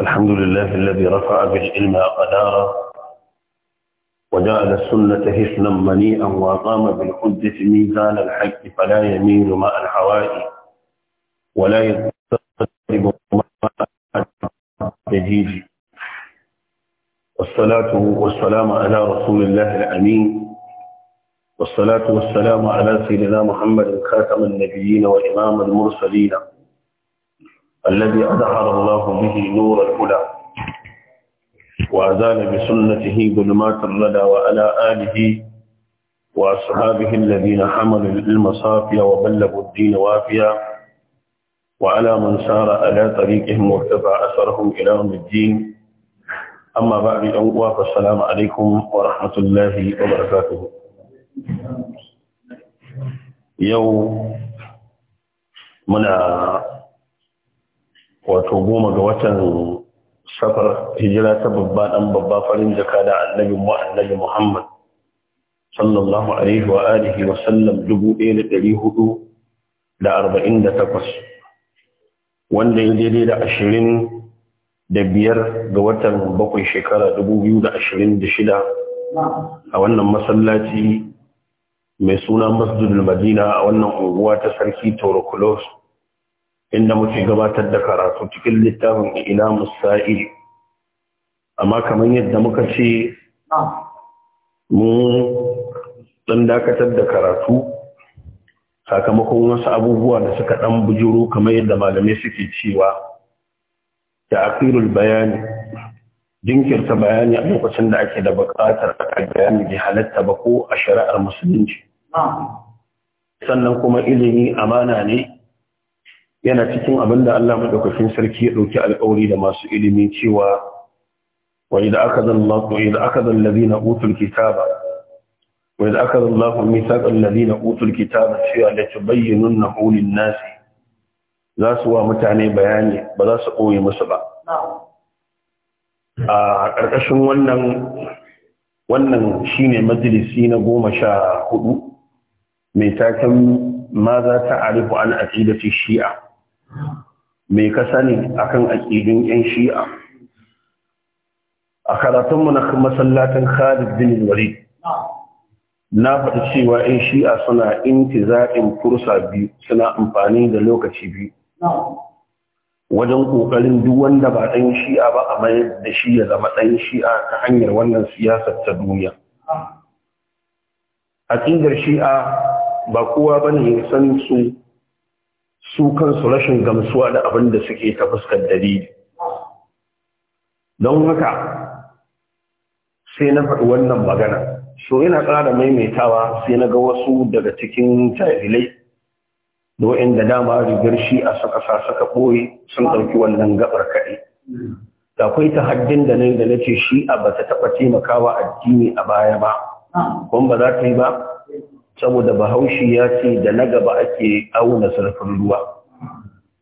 الحمد لله الذي رفع بالعلم قدارا وجعل السنة حسنا منيئا وقام بالحجة ميزان الحق فلا يميل ماء الحوائي ولا يتقرب ماء الحجيج والصلاة والسلام على رسول الله الأمين والصلاة والسلام على سيدنا محمد خاتم النبيين وإمام المرسلين الذي أظهر الله به نور الهدى وأزال بسنته ظلمات الردى وعلى آله وأصحابه الذين حملوا العلم صافيا وبلغوا الدين وافيا وعلى من سار على طريقهم واتبع أثرهم إلى يوم الدين أما بعد أنقوا فالسلام عليكم ورحمة الله وبركاته يوم منا wato goma ga watan safar hijira ta babba dan babba farin jaka da annabi mu annabi Muhammad sallallahu alaihi wa alihi wa sallam takwas wanda ya daidai da ashirin da biyar ga watan bakwai shekara da shida a wannan masallaci mai suna masjidul madina a wannan unguwa ta sarki taurokulos inda muke gabatar da karatu cikin littafin Ina musa'il amma kamar yadda muka ce mu ɗan dakatar da karatu sakamakon wasu abubuwa da suka ɗan bujuru kamar yadda malamai suke cewa da akhirul bayani jinkirta bayani a lokacin da ake da buƙatar a bayani da halatta ba ko a shari'ar musulunci sannan kuma ilimi amana ne yana cikin abin da Allah madaukakin sarki ya dauki alƙawari da masu ilimi cewa wa idza akadha Allahu wa idza akadha alladhina utul kitaba wa idza akadha Allahu mithaqa alladhina utul kitaba cewa la lin-nas za su wa mutane bayani ba za su koyi musu ba a ƙarƙashin wannan wannan shine majalisi na goma sha hudu mai taken ma za ta arifu an aqidati shi'a mai ka sani kan aƙidun 'yan shi'a a karatunmu na masallacin khalid bin wari na faɗi cewa 'yan shi'a suna za'in fursa biyu suna amfani da lokaci biyu wajen ƙoƙarin duk wanda ba ɗan shi'a ba a mayar da shi ya zama ɗan shi'a ta hanyar wannan siyasar ta duniya A aƙidar shi'a ba kowa ba ne san su su kansu rashin gamsuwa da abin da suke ta fuskar dalili don haka sai na faɗi wannan magana so ina ƙara maimaitawa sai na ga wasu daga cikin jahilai da wa'inda dama rigar shi a saka sa saka ɓoye sun ɗauki wannan gaɓar kaɗai da akwai haddin da nan da na ce shi a bata ta taɓa taimakawa addini a baya ba kuma ba za ta yi ba saboda bahaushe ya ce da na gaba ake auna sarfin ruwa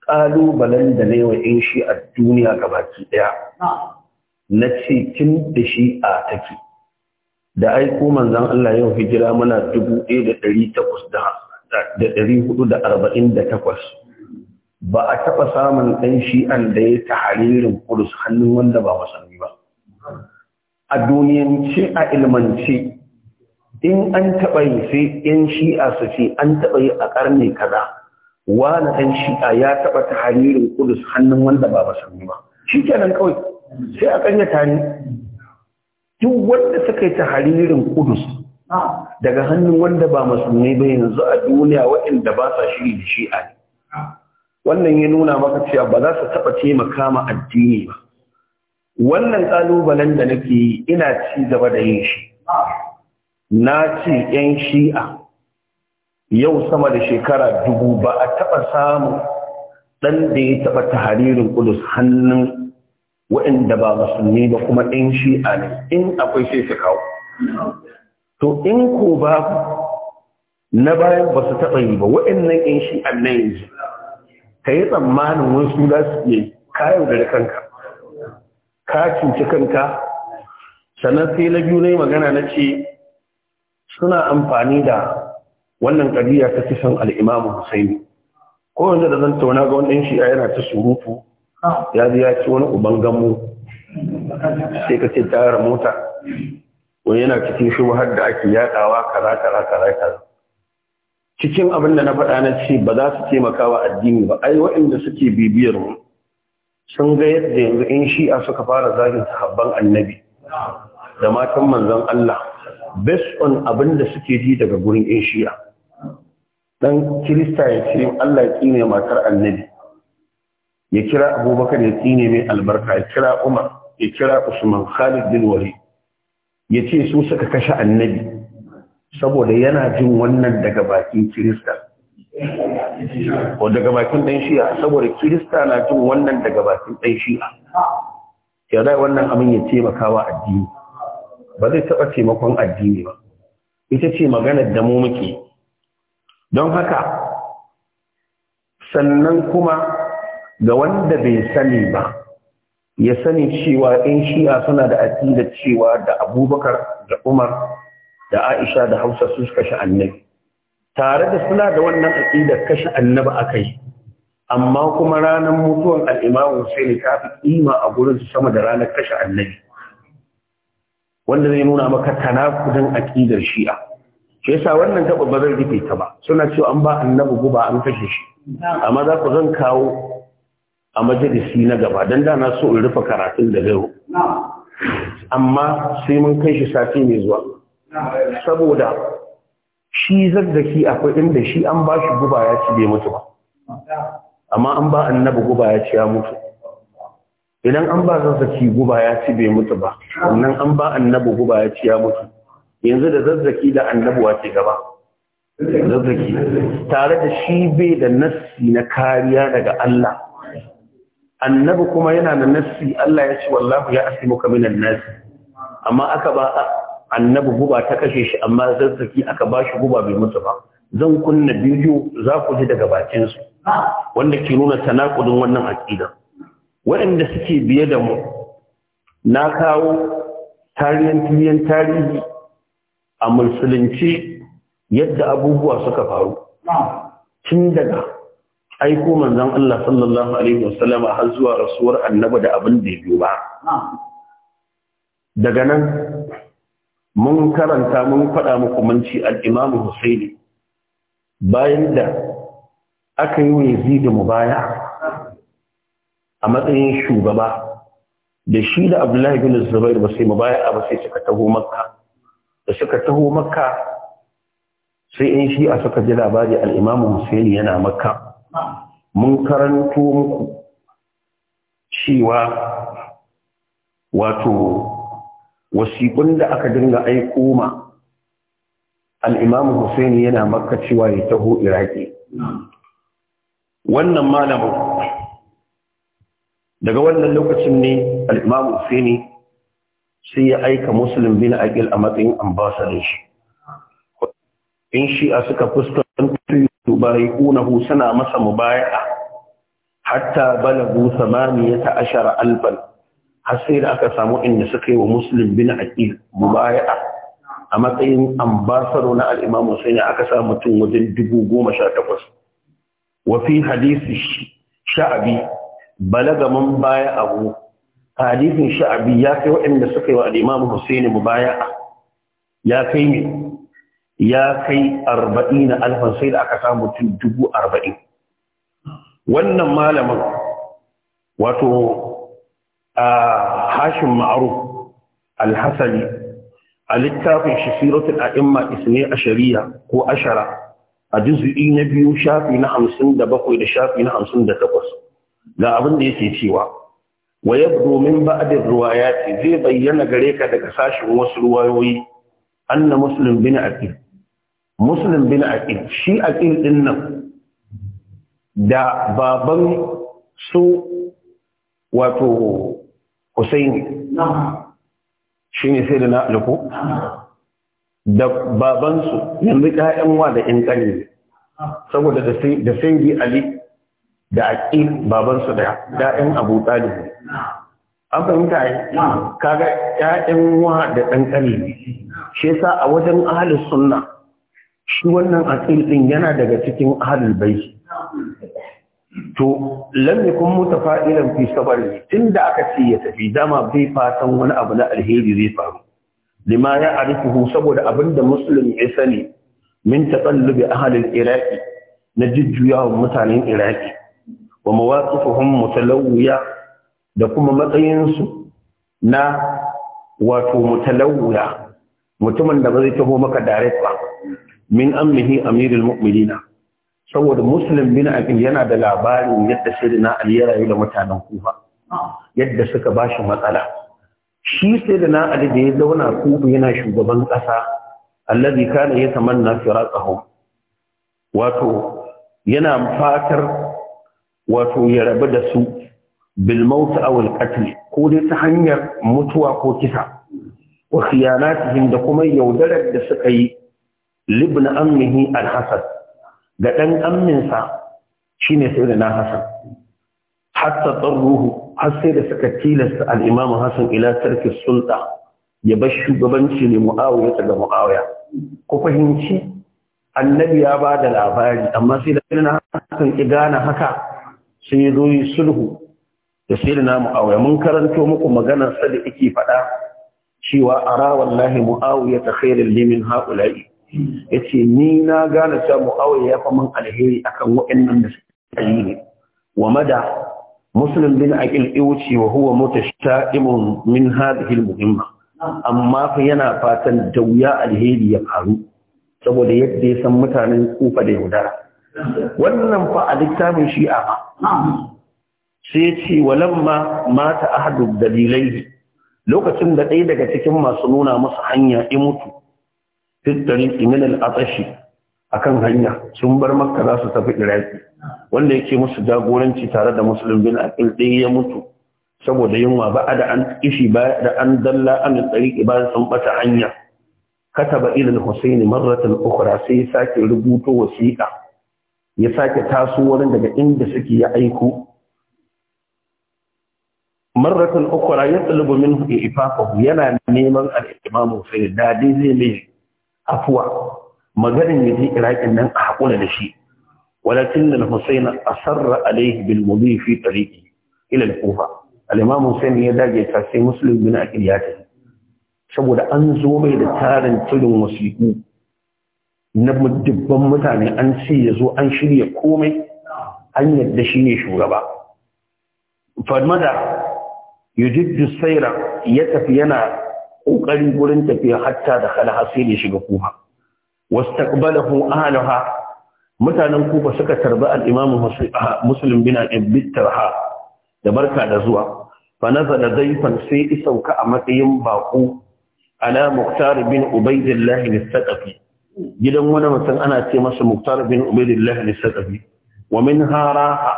ƙalubalen da na yi wa in shi a duniya baki ɗaya na ce kin da shi a take da aiko manzan Allah yau hijira muna takwas. ba a taɓa samun ɗan shi'an da ya taharirin kudus hannun wanda ba musulmi ba a duniyance a ilmance in an taɓa yi sai yan shi'a su ce an taɓa yi a ƙarni kaza wani ɗan shi'a ya taɓa ta haririn kudus hannun wanda ba musulmi ba shi kenan kawai sai a ƙanya ne duk wanda suka yi ta haririn kudus daga hannun wanda ba musulmi ba yanzu a duniya waɗanda ba sa shiri da shi'a ne wannan ya nuna maka cewa ba za su taɓa taimaka ma addini ba wannan ƙalubalen da nake yi ina ci gaba da yin shi na ce ‘yan shi'a yau sama da shekara dubu ba a taɓa samun ɗan da ya taɓa taharirin ƙudus hannun waɗanda ba musulmi ba kuma ‘yan shi'a ne in akwai sai su kawo. To in ko ba na bayan ba su taɓa yi ba waɗannan ‘yan shi'a na yanzu ka yi tsammanin wasu za su iya kayan da kanka ka cuci kanka sannan sai na biyu na yi magana na ce suna amfani da wannan ƙadiyya ta kisan al'imamu Husaini. Ko da zan tauna ga wannan shi yana ta surutu, ya ji ya wani uban gamu sai ka ce tayar mota, wani yana cikin shi har da ake yaɗawa kaza kaza kaza kaza. Cikin abin da na faɗa na ce ba za su taimaka wa addini ba, ai waɗanda suke bibiyar mu sun ga yadda yanzu in shi'a suka fara zagin sahabban annabi da matan manzon Allah based on abin da suke ji daga gurin Asia. dan kirista ya ce Allah ya tsine matar annabi ya kira abubakar ya tsine mai albarka ya kira umar ya kira usman khalid bin wali ya ce su suka kashe annabi saboda yana jin wannan daga bakin kirista ko daga bakin ɗan shi'a saboda kirista na jin wannan daga bakin ɗan shi'a ya dai wannan abin ya taimaka wa addini ba zai taɓa taimakon addini ba ita ce maganar da mu muke don haka sannan kuma ga wanda bai sani ba ya sani cewa in shiya suna da aƙida cewa da abubakar da umar da aisha da hausa su kashe annabi tare da suna da wannan aƙidar kashe annabi a kai, amma kuma ranar mutuwan al'imamu sai ne ta fi ƙima a gurinsu sama da ranar kashe annabi wanda zai nuna maka tanakudin aqidar shi'a shi yasa wannan taba bazar zan rufe ta ba suna cewa an ba annabi guba an kashe shi amma za ku zan kawo a majalisi na gaba dan da na so in rufe karatun da zai amma sai mun kai shi sati mai zuwa saboda shi zazzaki akwai inda shi an ba shi guba ya ci bai mutu ba amma an ba annabi guba ya ci ya mutu idan an ba zazzaki guba ya ci bai mutu ba wannan an ba annabi guba ya ci ya mutu yanzu da zazzaki da annabuwa ce gaba zazzaki tare da shi bai da nassi na kariya daga Allah annabi kuma yana da nassi Allah ya ce wallahu ya ka minan annas amma aka ba annabi guba ta kashe shi amma zazzaki aka ba shi guba bai mutu ba zan kunna bidiyo za ku ji daga bakin su wanda ke nuna tanakudin wannan aqida waɗanda suke biye da mu na kawo tarihin tiliyan tarihi a musulunci yadda abubuwa suka faru tun daga aiko manzan Allah sallallahu Alaihi wasallama har zuwa rasuwar annaba da abin da ya biyo ba daga nan mun karanta mun faɗa muku manci al'imamu Husaini bayan da aka yi wa zidi mu baya a matsayin shugaba da shi da abdullahi bin zubair ba sai a ba sai suka taho makka da suka taho makka sai in shi a suka ji labari al'imamu husaini yana makka mun karanto muku cewa wato wasiƙun da aka dinga aiko ma al'imamu husaini yana makka cewa ya taho iraki wannan malamin daga wannan lokacin ne al'imamu Usaini sai ya aika musulun bin Aqil a matsayin ambasadin shi. In shi'a suka fuskantar tubarai ƙunahu suna masa mubaya'a hatta balagu samaniyata ashara alban har sai da aka samu inda suka yi wa Muslim bin Aqil mubaya'a a matsayin ambasaro na al'imamu Usaini aka sa mutum wajen dubu goma sha takwas. Wafi hadisi sha'abi balaga mun baya abu hadisin sha'abi ya kai waɗanda suka yi wa al'imamu mu baya ya kai ne ya kai arba'in alfan sai da aka samu mutum dubu arba'in wannan malamin wato a hashin ma'aruf alhassani a littafin shisirotin a'imma isne a shari'a ko ashara a juzu'i na biyu shafi na hamsin da bakwai da shafi na hamsin da takwas ga abin da yake cewa wa yabdu min ba'di ce, zai bayyana gare ka daga sashin wasu ruwayoyi anna muslim bin aqil muslim bin aqil shi aqil din nan da baban su wato Husaini shi ne sai da na alko da babansu yanzu kayan wa da ƴan ƙani saboda da sai ali da aƙi babansu da 'ya'yan abu ɗalibu an fahimta yi kaga ‘ya'yan wa da ɗan ƙari shi sa a wajen ahalin sunna shi wannan aƙil ɗin yana daga cikin ahalin bai to kun yakun fa’ilan fi tun da aka ce ya tafi dama bai fatan wani abu na alheri zai faru lima ya hu saboda abin da Musulun ya sani min tsallu ahli ahalin Iraki na jujjuyawan mutanen Iraki. wa mawaqifuhum mutalawwiya da kuma matsayinsu na wato mutalawwiya mutumin da ba zai taho maka direct ba min ammihi amirul mu'minina saboda muslim bin abin yana da labarin yadda sayyidina ali ya rayu da mutanen kufa yadda suka bashi matsala shi sayyidina ali da ya zauna kufa yana shugaban kasa allazi kana yatamanna firaqahum wato yana fatar wato ya rabu da su bil maut aw ko dai ta hanyar mutuwa ko kisa wa khiyanatihim da kuma yaudarar da suka yi libna ammihi al ga dan amminsa shine sayyidina hasan hatta tarruhu har sai da suka tilasta al imam hasan ila Sarki sulta ya bar shugabanci ne muawiya ga muawiya ku fahimci annabi ya ba da labari amma sai da na hasan ki gane haka sai sulhu da sai na namu mun karanto muku maganar sa da faɗa cewa ara wallahi muawiya ta khairul limin ya yace ni na gane cewa muawiya ya fa mun alheri akan waɗannan da suke yi ne wa mada muslim bin aqil iwci wa huwa mutashtaimun min hadhihi muhimma. amma fa yana fatan da wuya alheri ya faru saboda yadda ya san mutanen kufa da yaudara wannan fa a littafin shi'a ba sai ce walamma mata ahadu dalilai lokacin da ɗaya daga cikin masu nuna masa hanya ya mutu fitari iminal atsashi akan hanya sun bar makka za su tafi iraki wanda yake musu jagoranci tare da musulun bin aqil ɗaya ya mutu saboda yunwa ba da an kishi ba da an dalla an tsari ba sun bata hanya kataba ilal Hussaini husayn marratan ukhra sai sake rubuto wasiqa ya sake taso wurin daga inda suke ya aiko marratan ukhra yatlubu minhu ifafahu yana neman al-imam sai da zai mai afuwa maganin yaji Irakin nan a hakura da shi walakin al-husayn asarra alayhi bil mudhi fi tariqi ila al-kufa al-imam ya dage ta sai muslim bin akil ya tafi saboda an zo mai da tarin tudun wasiku na dubban mutane an ce ya zo an shirya komai an yadda shi ne shugaba fadmada yujiddu saira ya tafi yana ƙoƙarin gurin tafiya hatta da kala sai da shiga kufa wastaqbalahu ahliha mutanen kufa suka tarbi Al'imamin imam ah, muslim bin al-bittarha da barka da zuwa fa nazala zayfan sai isauka a matsayin baƙo ala muktar bin Ubaidullahi al gidan wani mutum ana ce masa Muktar bin Ubaidillah ne sadabi wa min haraha!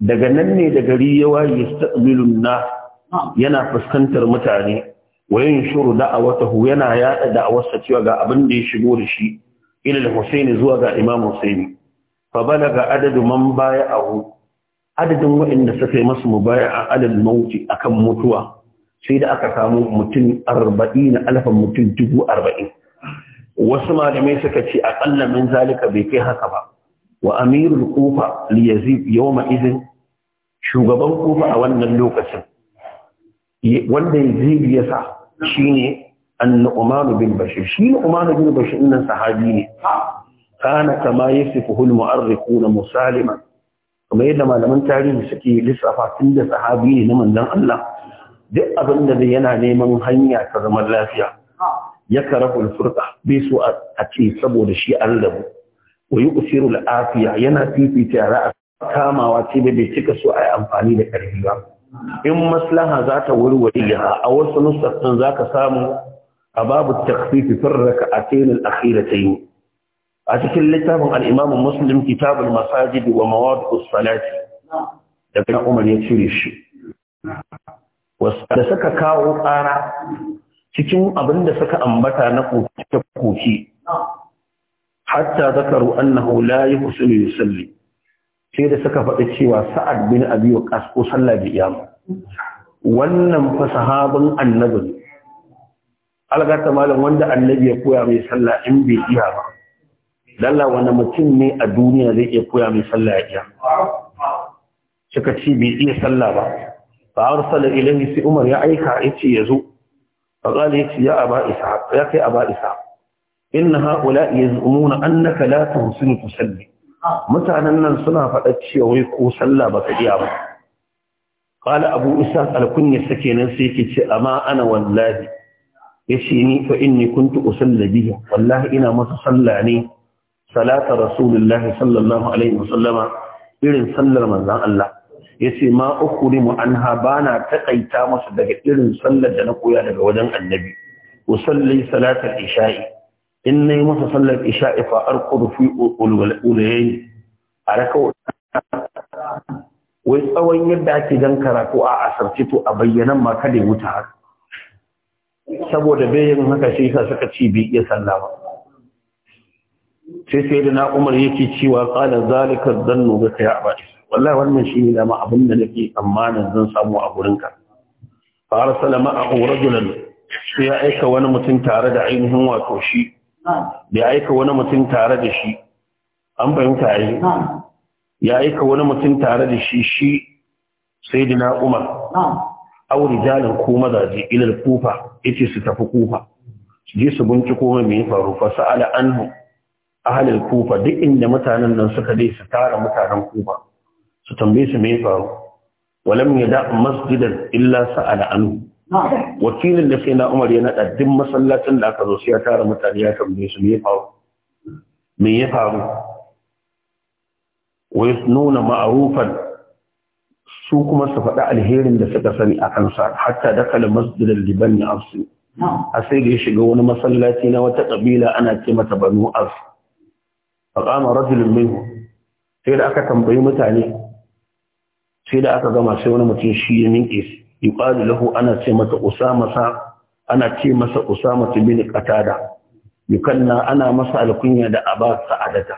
daga nan ne da gari ya waye yastaqbilun na yana fuskantar mutane wa shuru da'awatahu yana yada da'awarsa cewa ga abin da ya shigo da shi ila al-Husaini zuwa ga Imam Husaini fa balaga adadu man baya'ahu adadin waɗanda suka yi masa mubaya'a alal maut akan mutuwa sai da aka samu mutum 40 alfan mutum 40 wasu malamai suka ce aƙalla min zalika bai kai haka ba wa amirul kufa li yazid yawma idin shugaban kufa a wannan lokacin wanda Ya'zib ya sa shine an bin bashir shi nu'man bin bashir nan sahabi ne kana kama yasifuhu al-mu'arrikhun musalima kuma yadda malaman tarihi suke lissafa tun da sahabi ne na manzon Allah duk abin da yana neman hanya ta zaman lafiya ya karahu al bai so a ce saboda shi an rabu wa yusiru al-afiya yana fifita ra'a kamawa ce bai cika so a yi amfani da karfi ba in maslaha za ta warware a wasu nusafin za ka samu a babu takfifi firraka a tenin akhira ta yi a cikin littafin al'imamin muslim kitabul masajid wa mawadu salati daga umar ya cire shi da suka kawo ƙara cikin abin da suka ambata na koke-koke hatta zakaru annahu la ya salli. sai da suka faɗi cewa sa'ad bin abi waqas ko sallah bi iyama wannan fa sahabin annabin. algata malam wanda annabi ya koya mai sallah in bai iya ba dalla wani mutum ne a duniya zai iya koya mai sallah ya iya suka bai iya sallah ba fa arsala ilayhi sai umar ya aika yace zo فقال يا أبا إسحاق يا أبا إسحاق إن هؤلاء يزعمون أنك لا تحسن تصلي mutanen nan suna faɗa cewa ko sallah ba ka iya ba qala abu isa alkunya sake nan sai yake ce amma ana wallahi yace ni fa inni kuntu usalli bihi wallahi ina masa sallah ne salata rasulullah sallallahu alaihi wasallama irin sallar manzon Allah ya ce ma ukurimu anha bana taƙaita masa daga irin sallar da na koya daga wajen annabi salli salatar isha'i in nayi masa sallar isha'i fa arkudu fi ululayn a raka wai tsawon yadda ake dan karatu a asarci to a bayyanan ma kada ya wuta haka saboda bayan haka sai sa suka ci bi iya sallah ba sai sai da na umar yake cewa qala zalika dhannu bika ya abadi wallahi wannan ne dama abin da nake tsammanin zan samu a wurin ka fa a ma'ahu rajulan sai ya aika wani mutum tare da ainihin wato shi da ya aika wani mutum tare da shi an fahimta yi ya aika wani mutum tare da shi shi sayyidina umar auri rijalin ko mazaje ilal kufa yace su tafi kufa je su binciko mai me faru fa sa'ala anhu ahlul kufa duk inda mutanen nan suka dai su tara mutanen kufa su tambaye su me faru walam yada masjidan illa sa'ala anu? wakilin da sai na Umar ya naɗa duk masallacin da aka zo sai ya tara mutane ya tambaye su me faru me ya faru wai nuna ma'arufan su kuma su faɗi alherin da suka sani a kansa hatta da kala masjidar liban ya afsu a sai da ya shiga wani masallaci na wata ƙabila ana ce mata banu As? a rajulun min sai da aka tambayi mutane sai da aka gama sai wani mutum shi ya ninke yuqalu lahu ana ce masa usama sa ana ce masa usama bin qatada yukanna ana masa alkunya da a sa sa'adata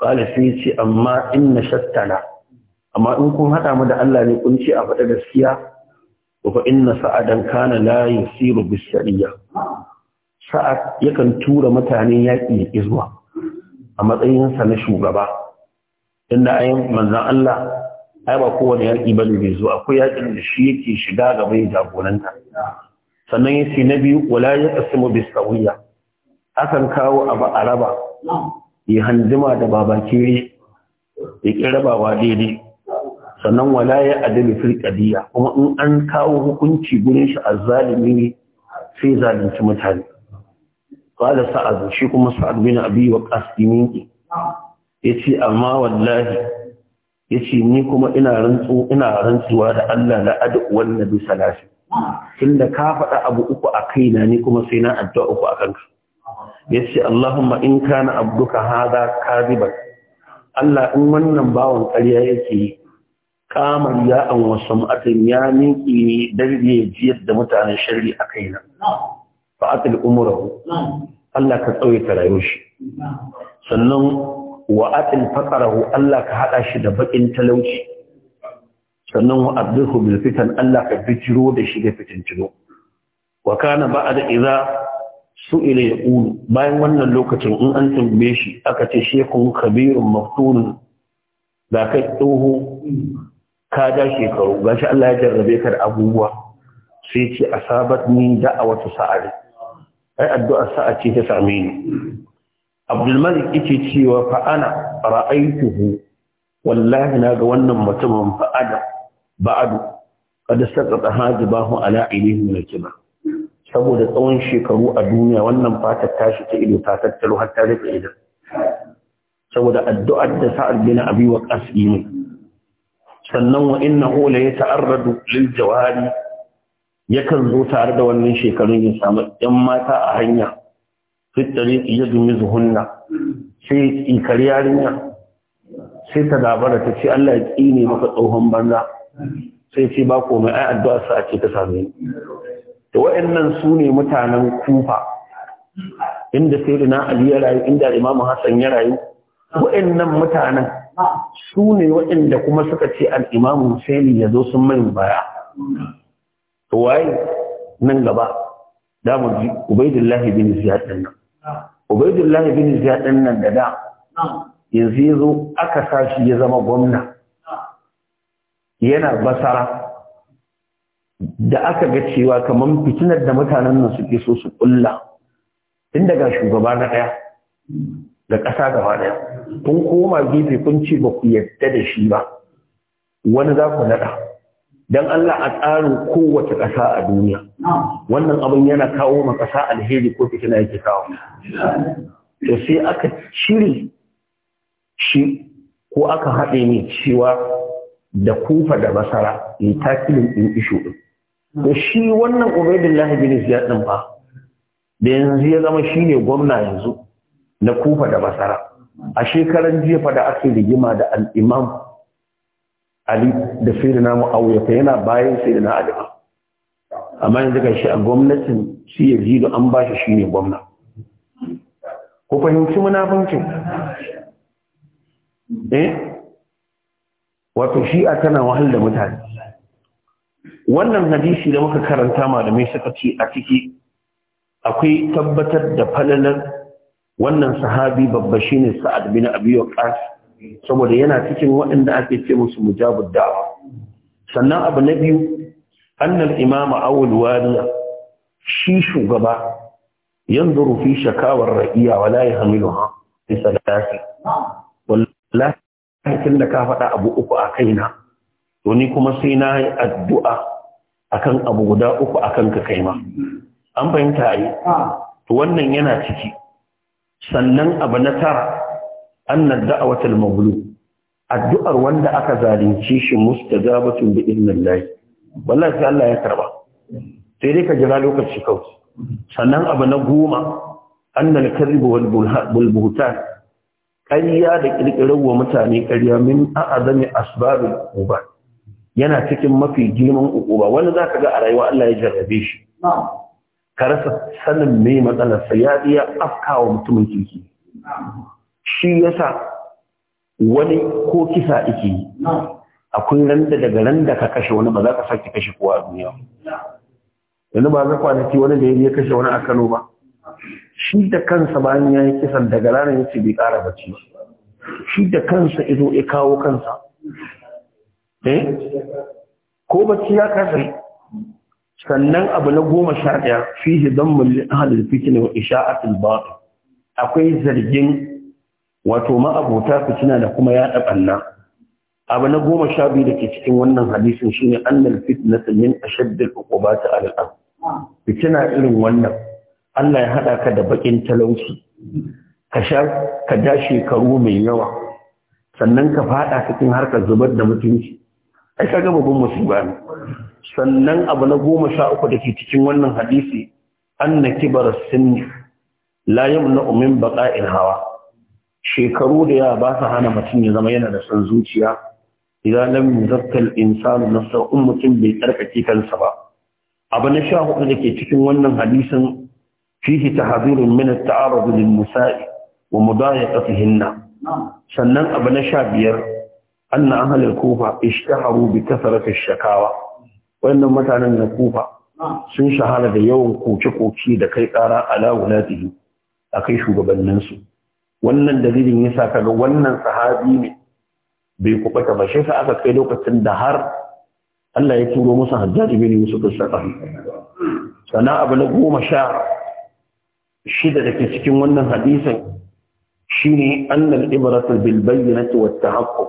qala sai ce amma in na shattana amma in kun haɗa mu da Allah ne kun ce a faɗa gaskiya fa inna sa'adan kana la yusiru bis shariya Sa'a yakan tura mutane yaƙi izwa a matsayinsa na shugaba inda ayin manzan Allah ai ba kowane yaƙi ba ne bai zo akwai yaƙin da shi yake shiga gaba ya jagoranta sannan yace na biyu wala ya kasimu bis sawiya akan kawo abu a raba hanjima da babake ya ki rabawa daidai sannan wala ya adabi fil qadiya kuma in an kawo hukunci gurin shi azzalimi ne sai zalunci mutane qala sa'ad shi kuma sa'ad bin abi waqas dimin yace amma wallahi yace ni kuma ina ina rantsuwa da Allah la ad'u wan nabi Tun da ka faɗa abu uku a kaina ni kuma sai na addu'a uku a kanka yace Allahumma in ka kana abduka ka ribar. Allah in wannan bawan ƙarya yake kamar ya an wasu ma'atin ya minki darje da mutanen shari a kaina fa'atul umurahu Allah ka tsawaita rayuwar shi sannan wa atin faqarahu Allah ka haɗa shi da bakin talauci sannan wa adduhu bil fitan Allah ka bijiro da shi da fitintino wa kana su idza su'ila yaqulu bayan wannan lokacin in an tambaye shi aka ce shekun kabirun maftun da kai tsoho ka da shekaru gashi Allah ya jarrabe ka da abubuwa sai ce asabat ni da'awatu sa'ari ai addu'ar sa'a ce ta same ni abdulmalik yake cewa fa ana ra'aituhu wallahi na ga wannan mutumin fa ada ba'adu kad saqata hajibahu ala ilayhi min kiba saboda tsawon shekaru a duniya wannan fatar tashi ta ido ta tattalo har ta rufe saboda addu'ar da sa'ad bin abi waqas yi sannan wa innahu la yata'arradu lil jawari yakan zo tare da wannan shekarun ya samu 'yan mata a hanya fitari iya dumi zuhunna sai ikar yarinya sai ta dabara ta ce Allah ya tsine maka tsohon banza sai ce ba komai ai addu'a sa ce ta same ni to wayannan su ne mutanen kufa inda sayyidina ali ya rayu inda imam hasan ya rayu wayannan mutanen su ne wayanda kuma suka ce al-imam husaini ya zo sun mai baya to waye nan gaba da mu ji ubaidullahi bin ziyad nan Ubaidullahi bin Ziyad din nan da da yanzu yazo aka sashi ya zama gwamna. Yana basara da aka ga cewa kamar fitinar da mutanen nan suke so su kulla inda daga shugaba na ɗaya da ƙasa gaba ɗaya kun koma gefe kun ce ba ku yarda da shi ba wani za ku naɗa dan Allah a tsarin kowace ƙasa a duniya wannan abin yana kawo ma ƙasa alheri ko fitina yake kawo to sai aka shiri shi ko aka haɗe ne cewa da kufa da masara in takilin ɗin isho ɗin. To shi wannan Ubaidullahi bin Ziyad din ba, da yanzu ya zama shine gwamna yanzu na kufa da masara. A shekaran fa da ake rigima da al'imam ali da sai da namu auyata yana bayan sai da na adama amma yanzu ga shi a gwamnatin su ya zido an ba shi shine gwamna ku fahimci munafincin eh wato shi'a tana wahal da mutane wannan hadisi da muka karanta malamai suka ce a ciki akwai tabbatar da falalar wannan sahabi babba shine sa'ad bin abi ƙasa. saboda yana cikin waɗanda ake ce musu mujabu da'wa sannan abu na biyu annal imama awul shi shugaba yanzu rufi shakawar ra'iya wala yahmiluha fi salati wallahi tun da ka faɗa abu uku a kaina to ni kuma sai na yi addu'a akan abu guda uku akan ka kai ma an fahimta yi ah. to wannan yana ciki sannan abu na tara anna a al-maghlub addu'ar wanda aka zalunce shi mustajabatun bi idnillah wallahi sai Allah ya karba sai dai ka jira lokaci kawai sannan abu na goma anna al wal buhtan ƙarya da ƙirƙirar wa mutane ƙarya min a'azami asbabul uba yana cikin mafi girman uba, wani za ka ga a rayuwa Allah ya jarrabe shi ka rasa sanin mai matsalarsa ya iya afkawa mutumin kirki shi yasa wani ko kisa ake yi a kunan da daga da ka kashe wani ba za ka sake kashe kowa a duniya yanzu ba za kwanaki wani da ya kashe wani a Kano ba shi da kansa bayan ya yi kisan daga ranar yace bai kara bacci shi da kansa izo ya kawo kansa eh ko bacci ya kasa sannan abu na goma sha ɗaya fi hidan mulli ahalil fikin wa isha'atul ba akwai zargin wato ma'abota fitina da kuma yaɗa ɓanna abu na goma sha biyu da ke cikin wannan hadisin shine annal a shaddar ukuba ta ala al fitina irin wannan Allah ya haɗa ka da baƙin talauci ka sha ka ja shekaru mai yawa sannan ka faɗa cikin harkar zubar da mutunci ai kaga babban musiba ne sannan abu na goma sha uku da ke cikin wannan hadisi na kibar sinni la yamna min baqa'il hawa shekaru da yawa ba su hana mutum ya zama yana da son zuciya idan lam yuzakkal insanu nafsa in mutum bai tsarkake kansa ba abu na sha hudu da ke cikin wannan hadisin fihi tahdhirun min at-ta'arud lil musa'i wa mudayaqatihinna sannan abu na sha biyar anna ahli al-kufa ishtaharu bi kasrati ash-shakawa wannan mutanen na kufa sun shahara da yawan koke-koke da kai tsara ala wulatihi akai shugabanninsu wannan dalilin ya sa kaga wannan sahabi ne bai kubata ba shi sa aka kai lokacin da har Allah ya turo musu hajjaji bin Yusuf saka sana abu na goma sha shida da ke cikin wannan hadisin shine annal ibratul bil bayyinati wat tahaqqu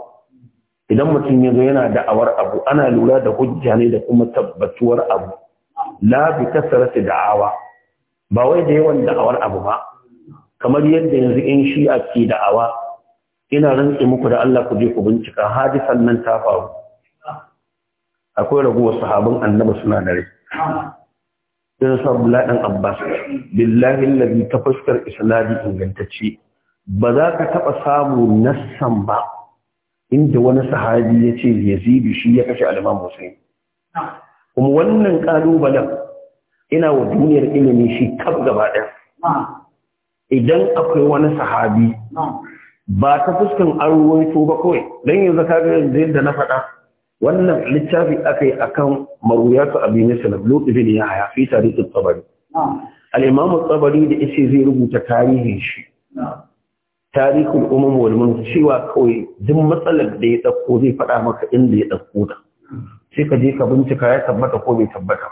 idan mutum ya zo yana da'awar abu ana lura da hujja ne da kuma tabbatuwar abu la bi kasarati da'awa ba wai da yawan da'awar abu ba kamar yadda yanzu in shi a ke da'awa ina rantsi muku da Allah ku je ku bincika hadisan nan ta faru akwai raguwa sahabin annabi suna da rai sai sa Abbas billahi allazi ta fuskar isnadi ingantacce ba za ka taba samu nassan ba inda wani sahabi ya ce yazidi shi ya kashe Alimam musayi kuma wannan kalubalen ina wa duniyar ilimi shi kaf gaba ɗaya idan akwai wani sahabi ba ta fuskan an to ba kawai don yanzu ka ga yadda na faɗa wannan littafi aka yi kan maruyatu abi muslim lut ibn yahya fi tarikh tsabari tabari al-imam da ishe zai rubuta tarihin shi Tarihin umam wal cewa kawai duk matsalar da ya dauko zai faɗa maka inda ya dauko ta sai ka je ka bincika ya tabbata ko bai tabbata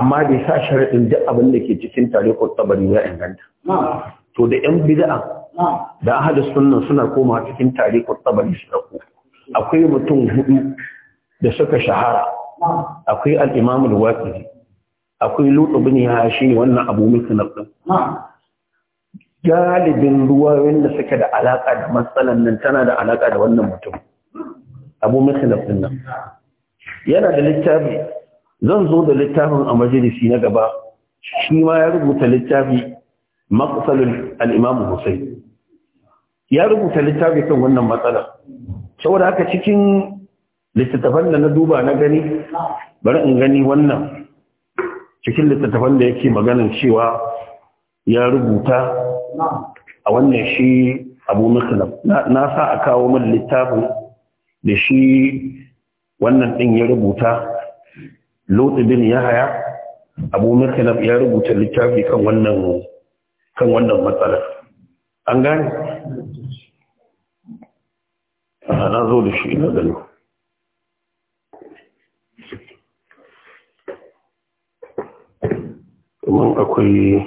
amma bai sa sharadin duk abin da ke cikin tarihul tabari ya inganta to da yan bid'a da ahlus sunna suna koma cikin tarihi tabari su dauko akwai mutum hudu da suka shahara akwai al-imam al-waqidi akwai lutu bin yashi wannan abu musnad din galibin ruwa da suke da alaƙa da matsalan nan tana da alaƙa da wannan mutum abu musnad din nan yana da littafi zan zo da littafin a majalisi na gaba shi ma ya rubuta littafi maqsalul al'imamu imam ya rubuta littafi kan wannan matsala saboda haka cikin littattafan da na duba na gani bari in gani wannan cikin littattafan da yake maganin cewa ya rubuta a wannan shi abu muslim na sa a kawo min littafin da shi wannan ɗin ya rubuta lotsi bin yahaya abu muslim ya rubuta littafi kan wannan kan wannan matsalar an gane na zo da shi ina gani kuma akwai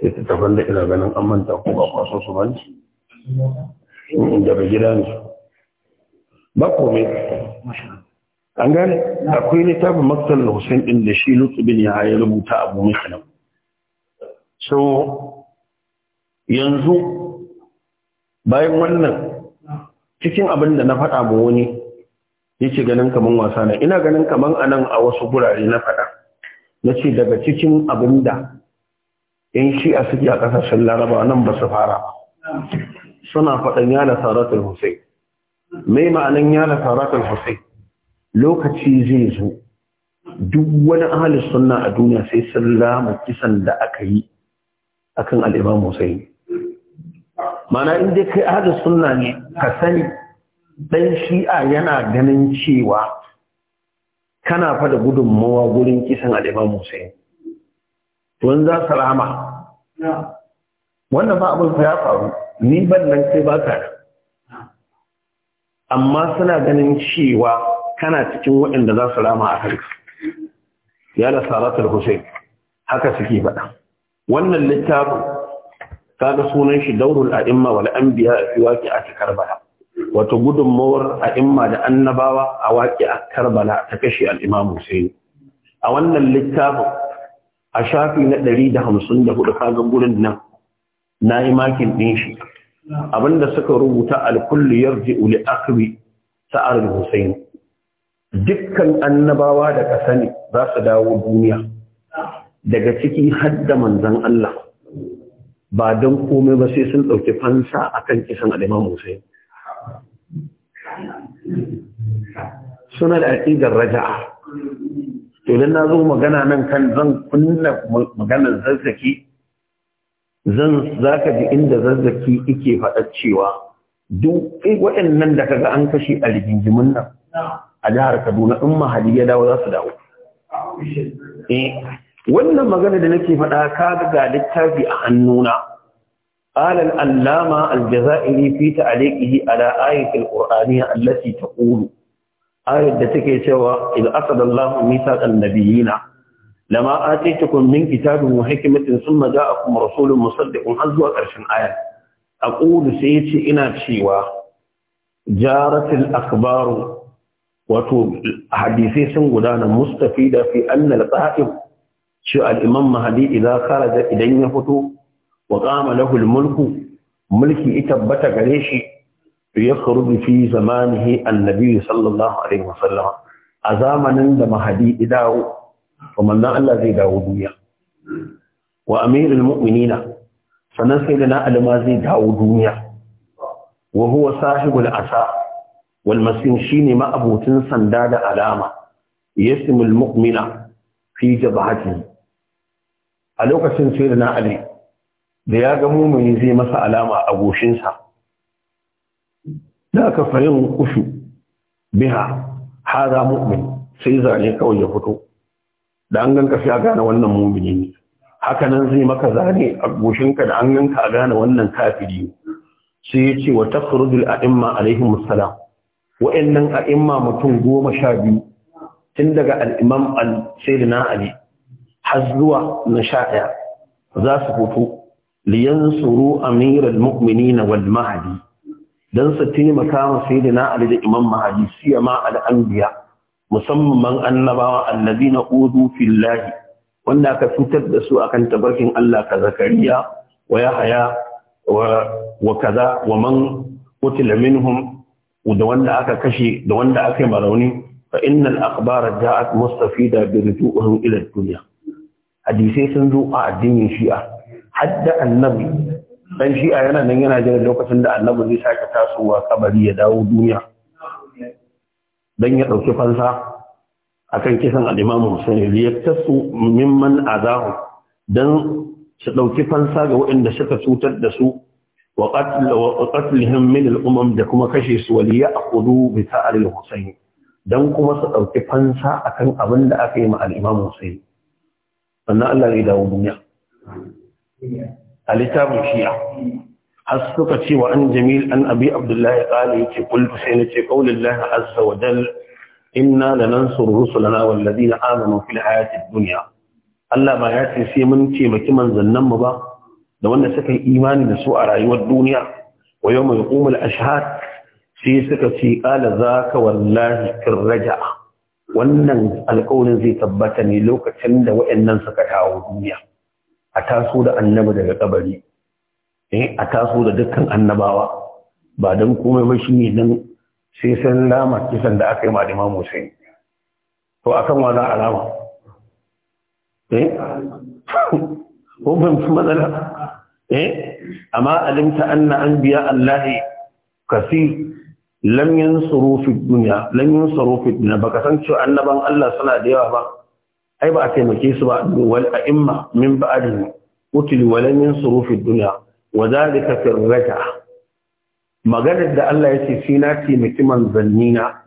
sai ta tafan da ina ganin an manta ko ba kwaso su bane daga gida ne ba kome an gane akwai littafin maktar da hussein din da shi lutsu bin ya rubuta abu mai kanan so yanzu bayan wannan cikin abin da na faɗa ba wani yake ganin kaman wasa na ina ganin kaman anan a wasu gurare na faɗa na ce daga cikin abin da yan a suke a ƙasashen laraba nan ba su fara suna faɗin yana saratul hussein mai ma'anin yana saratul hussein lokaci zai zo duk wani ahalin sunna a duniya sai sun rama kisan da aka yi akan al'imam Hussein mana in kai ahli sunna ne ka sani dan shi'a yana ganin cewa kana fa da gudunmawa gurin kisan al'imam Hussein tun za su rama wannan ba abin ya faru ni ban nan kai ba ka amma suna ganin cewa kana cikin waɗanda za su rama a harka ya da saratul hussein haka suke faɗa wannan littafin kaga sunan shi daurul a'imma wal anbiya fi waqi'ati karbala wato gudunmawar a'imma da annabawa a a karbala ta kashe al-imam Hussein a wannan littafin a shafi na 154 kaga gurin nan nayi makin din shi abinda suka rubuta al-kullu yarji'u li akbi sa'ar Hussein dukkan annabawa da ka sani za su dawo duniya daga ciki hadda manzan Allah ba don komai ba sai sun ɗauki fansa a kan kisan al'imam sai Suna da aƙidar raja'a. To, na zo magana nan kan zan kunna maganar zazzaki, zan za ka ji inda zazzaki ike faɗa cewa duk waɗannan da kaga an kashe a rigingimin nan a jihar Kaduna in mahali ya dawo za su dawo. Eh, wannan magana da nake faɗa kaga ga littafi a hannuna قال الألامة الجزائري في تعليقه على آية القرآنية التي تقول آية تكي سوى إذ أخذ الله ميثاق النبيين لما آتيتكم من كتاب وحكمة ثم جاءكم رسول مصدق حزوا أرشن آية أقول سيتي إنا شيوا جارت الأخبار وتو حديثي سنغدان مستفيدة في أن الطائف shi alimam mahadi mahdi idan kharaja idan ya fito wa qama lahu mulku mulki bata gare shi yakhruju fi zamanihi annabi sallallahu alaihi wasallam a zamanin da mahdi idawo kuma nan Allah zai dawo duniya wa amirul mu'minina sanan sayyidina ali zai dawo duniya wa huwa sahibul asa wal masin shine ma sanda da alama yasmul mu'mina fi jabhatihi a lokacin sai da na ali da ya ga mumuni zai masa alama a goshinsa da aka fayin kushu biha haza mu'min sai zane kawai ya fito da an ganka sai a gane wannan mumini ne haka nan zai maka zane a goshinka da an ganka a gane wannan kafiri sai ya ce a takhrujul a'imma alaihim assalam wa'annan a'imma mutum goma sha biyu tun daga al sai al-sayyidina ali har zuwa na sha ɗaya za su fito liyansuru amiral mu'minina wal walmahadi. dan su taimaka ma sayyidina ali da imam mahadi siya ma al'ambiya anbiya musamman annabawa na udu fillahi wanda aka fitar da su akan tabarkin Allah ka zakariya wa yahya wa wa kaza wa man qutila minhum da wanda aka kashe da wanda aka yi marauni fa innal akhbara ja'at mustafida bi rujuhum ila dunya hadisai sun zo a addinin shi'a hadda annabi dan shi'a yana nan yana jiran lokacin da annabi zai sake tasowa kabari ya dawo duniya dan ya dauki fansa akan kisan al-Imam Hussein liyaktasu mimman azahu dan su dauki fansa ga waɗanda suka cutar da su wa qatl min al-umam da kuma kashe su waliya aqudu bi sa'al al-Husayn dan kuma su dauki fansa akan abin da aka yi ma al-Imam sannan Allah ya dawo duniya a littafin shi'a har suka ce wa an jamil an abi abdullahi qala yake qultu sai nace qaulullahi azza wa jal inna lanansur rusulana wallazi na amanu fil hayati duniya. Allah ba ya ce sai mun ce maki manzannan mu ba da wanda suka yi imani da su a rayuwar duniya wa mai yaqumul ashhad sai suka ce za zaka wallahi kirraja'a wannan alƙawarin zai tabbata ne lokacin da waɗannan suka dawo duniya a taso da annaba daga kabari eh a taso da dukkan annabawa ba dan komai ba ne dan sai san lama kisan da aka yi ma Imam Hussein to akan kan za alama. eh ko ban matsala eh amma alimta anna anbiya Allah kasi. lam yansuru fi dunya lam yansuru fi dunya baka san cewa annaban Allah suna da yawa ba ai ba a taimake su ba wal a'imma min ba'dihim utul wa yansuru fi dunya wa dhalika fi raja maganar da Allah ya ce shi na taimaki manzannina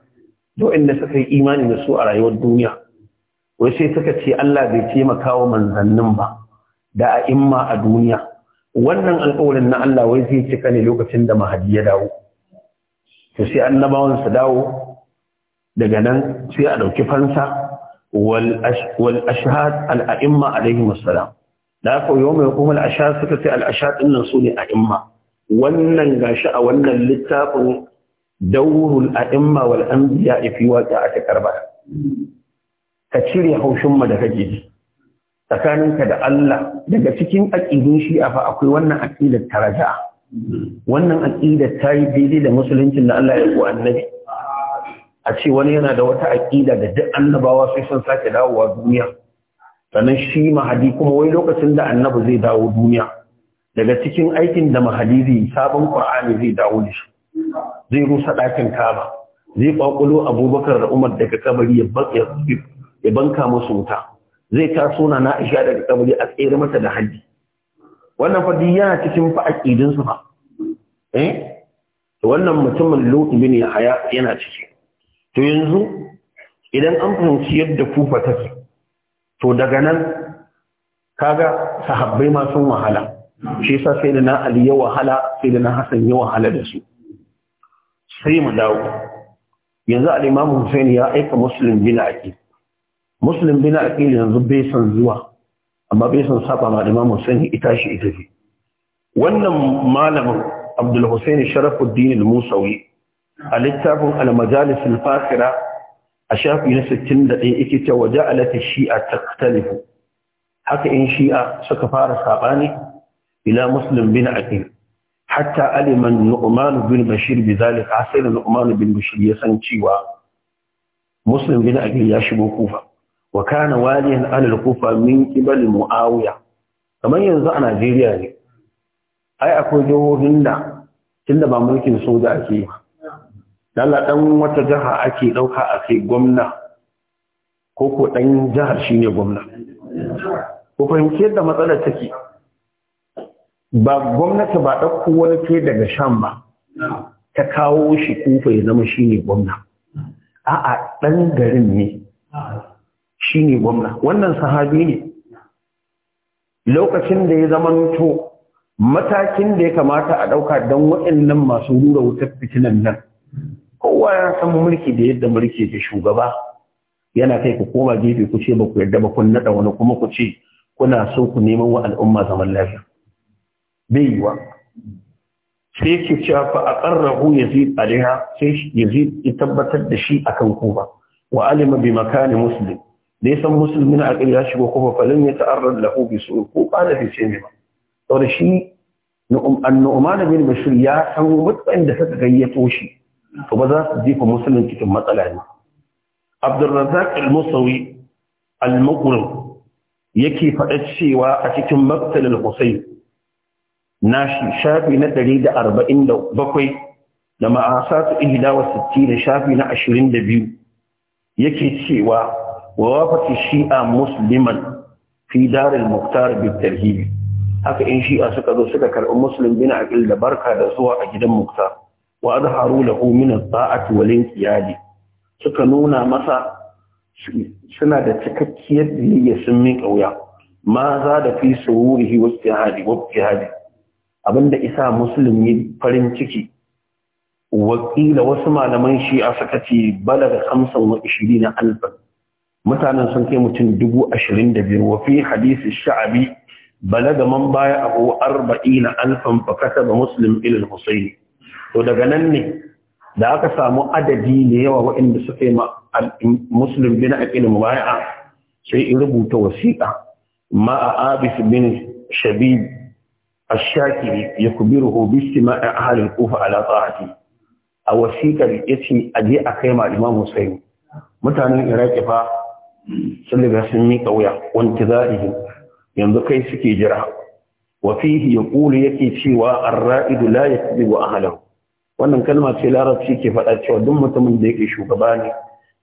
do inda suka yi imani da su a rayuwar duniya wai sai suka ce Allah bai taimaka wa manzannin ba da a'imma a duniya wannan alƙawarin na Allah wai zai cika ne lokacin da mahadi ya dawo to sai annabawan su dawo daga nan sai a ɗauki fansa wal ashhad al a'imma alaihi wassalam da aka yau mai kuma al ashhad suka ce al ashhad din nan su ne a'imma wannan gashi a wannan littafin daurul a'imma wal anbiya fi waqi'ati karbala ka cire haushin ma da kake ji tsakaninka da Allah daga cikin aqidun shi fa akwai wannan aqidar taraja'a wannan aƙidar ta yi daidai da musuluncin da Allah ya ku annabi a ce wani yana da wata aƙida da duk annabawa sai sun sake dawowa duniya sannan shi mahadi kuma wai lokacin da annabi zai dawo duniya daga cikin aikin da mahadi zai sabon qur'ani zai dawo da shi zai rusa ɗakin kaba zai kwakulo abubakar da umar daga kabari ya banka musu wuta zai taso na isha daga kabari a tsere mata da haji wannan fa yana cikin fa aqidin su fa eh wannan mutumin Lut bin Yahya yana ciki to yanzu idan an fahimci yadda kufa take to daga nan kaga sahabbai ma sun wahala shi yasa sai da na Ali ya wahala sai da na Hassan ya wahala da su sai mu dawo yanzu al-Imam Hussein ya aika Muslim bin Aqil Muslim bin Aqil yanzu bai san zuwa amma bai san saba ma imamu sani ita shi ita ce wannan malam abdul husaini sharafuddin al-musawi a littafin al-majalis al-fasira a shafi na 61 yake cewa ja'alat shi'a taktalifu haka in shi'a suka fara sabani ila muslim bin aqil hatta aliman nu'man bin bashir bizalika sai nu'man bin bashir ya san cewa muslim bin aqil ya shigo kufa wa kana waliyan alal kufa min kibal muawiya kamar yanzu a Najeriya ne ai akwai jihohin da tunda ba mulkin soja ake yi Allah dan wata jaha ake dauka a kai gwamna ko ko dan jihar shine gwamna ko fahimci yadda matsalar take ba gwamnati ba dauko wani ke daga shan ba ta kawo shi kufa ya zama shine gwamna a'a dan garin ne Shi ne gwamna wannan sahabi ne lokacin da ya zamanto matakin da ya kamata a ɗauka don waɗannan masu rura wutar fitinan nan kowa ya san mulki da yadda mulki ke shugaba yana kai ku koma gefe ku ce ba ku yarda ba kun naɗa wani kuma ku ce kuna so ku neman wa al'umma zaman lafiya bai yiwa sai ke cewa fa ya yazid alaiha sai yazid ya tabbatar da shi akan kuma wa alima bi makani muslim da ya san musulmin alƙali ya shigo kofa falin ya ta'arrar lahu bi su ko ƙana fi ce ne ba saboda shi annu'man bin bashir ya san mutsayin da suka gayyato shi to ba za su jefa musulmin cikin matsala ne abdurrazzaq al-musawi al-muqrim yake faɗa cewa a cikin maktal al-husayn nashi shafi na 147 da ma'asatu ihda wa 60 shafi na 22 yake cewa ووافق الشيعة مسلما في دار المختار بالترهيب haka in shi'a suka zo suka karɓi musulun bin aqil da barka da zuwa a gidan muktar wa azharu lahu min at-ta'ati walin inqiyadi suka nuna masa suna da cikakkiyar biyayya sun miƙa wuya ma za da fi sururihi wa istihadi wa istihadi abinda isa musulun yi farin ciki wakila wasu malaman shi'a suka ce balaga na alfan mutanen sun kai mutum dubu ashirin da biyu wafi hadisi sha'abi da man baya abu arba'i na alfan fakata ba muslim ilil husaini to daga nan ne da aka samu adadi da yawa waɗanda suka yi muslim bin aqil baya? sai in rubuta wasiƙa ma a abis bin shabib الشاكري يخبره باجتماع أهل الكوفة على طاعته a wasiƙar ya ce a je a kai ma imam Hussein mutanen Iraq fa sun daga sun yi ƙauya wanti za'ihim yanzu kai suke jira wa fihi ƙulu yake cewa ar-ra'idu la wa ahlahu wannan kalma ce larabci ke faɗa cewa duk mutumin da yake shugaba ne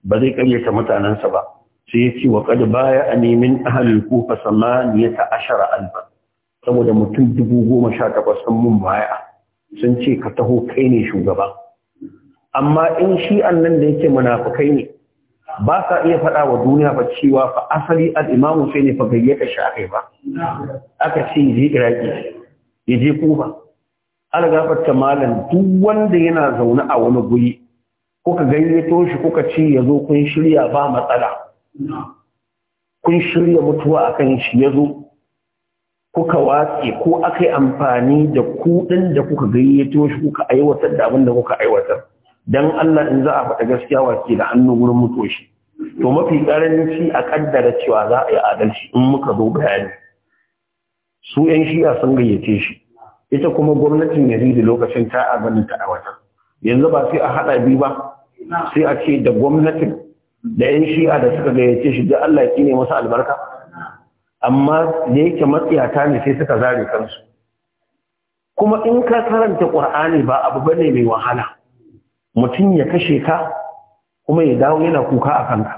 ba zai ƙaryata mutanensa ba sai ya ce wa qad baya animin ahlul kufa samaniyata ashara alfa saboda mutum dubu goma sha takwas sun mun baya sun ce ka taho kai ne shugaba amma in shi annan da yake munafukai ne ba sa iya faɗa wa duniya ba cewa fa asali al'imamu sai ne fa gayyata akai ba aka ce je iraki ya je kuba an malam duk wanda yana zaune a wani guri kuka gayyato shi kuka ce ya zo kun shirya ba matsala kun shirya mutuwa akan shi ya zo kuka watse ko aka yi amfani da kuɗin da kuka gayyato shi kuka aiwatar da abin da kuka aiwatar dan Allah in za a faɗa gaskiya wace da hannu gurin mutuwa shi to mafi karanci a ƙaddara cewa za a yi adalci in muka zo bayani su yan shi'a sun gayyace shi ita kuma gwamnatin da lokacin ta a ganin ta a wata yanzu ba sai a haɗa biyu ba sai a ce da gwamnatin da yan shi'a da suka gayyace shi da Allah ki ne masa albarka amma da yake matsiyata ne sai suka zare kansu kuma in ka karanta ƙur'ani ba abu bane mai wahala mutum ya kashe ka kuma ya dawo yana kuka a kanka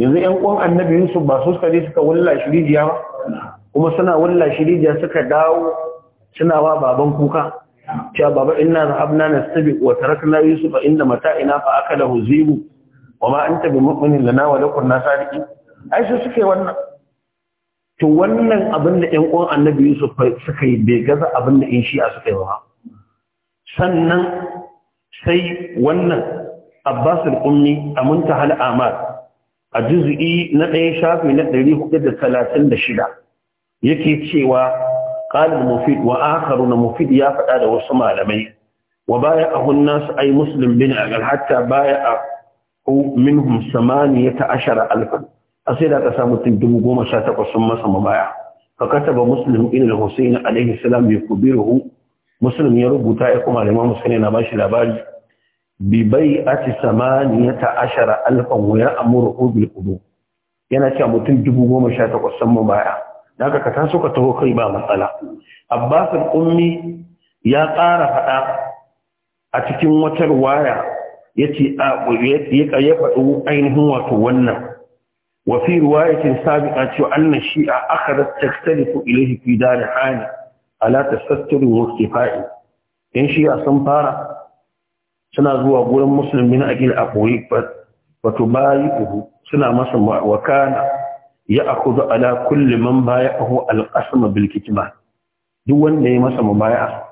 yanzu yan uwan annabi yusuf ba su suka je suka wulla shi rijiya ba kuma suna wulla shi rijiya suka dawo suna wa baban kuka cewa baba inna zahabna nastabi wa tarakna yusuf inda mata ina fa da huzibu wa ma anta bi mu'minin lana wa lakum nasariqin ai su suke wannan to wannan abin da ƴan uwan annabi yusuf suka yi bai gaza abin da in shi'a suka yi ba sannan sai wannan abbas al-ummi a hal amal a juz'i na ɗaya shafi na shida yake cewa qala mufid wa na mufid ya faɗa da wasu malamai wa baya an-nas ay muslim bin agal hatta baya'ahu minhum a sai da ka samu tun takwas sun masa mabaya fa kataba muslim ila al-husayn alayhi salam yakbiruhu muslim ya rubuta ya kuma limamu sani na bashi labari bi bai ati ta ashara alfan wuya amuru ubil kudu yana cewa mutum dubu goma sha takwas san mu baya da ka taso ka taho kai ba matsala abbas ummi ya ƙara faɗa a cikin watar waya ya ce ya faɗi ainihin wato wannan wa fi ruwayatin sabiqa cewa annan shi'a akhadat taktalifu ilayhi fi dar hani ala tasatturi wa kifa'i yan shi sun fara suna zuwa gurin musulmin akil a koyi wato bayi uku. suna masa wakana ya akuzu ala kulle man baya ahu alqasma bil ba. duk wanda ya masa mubaya'a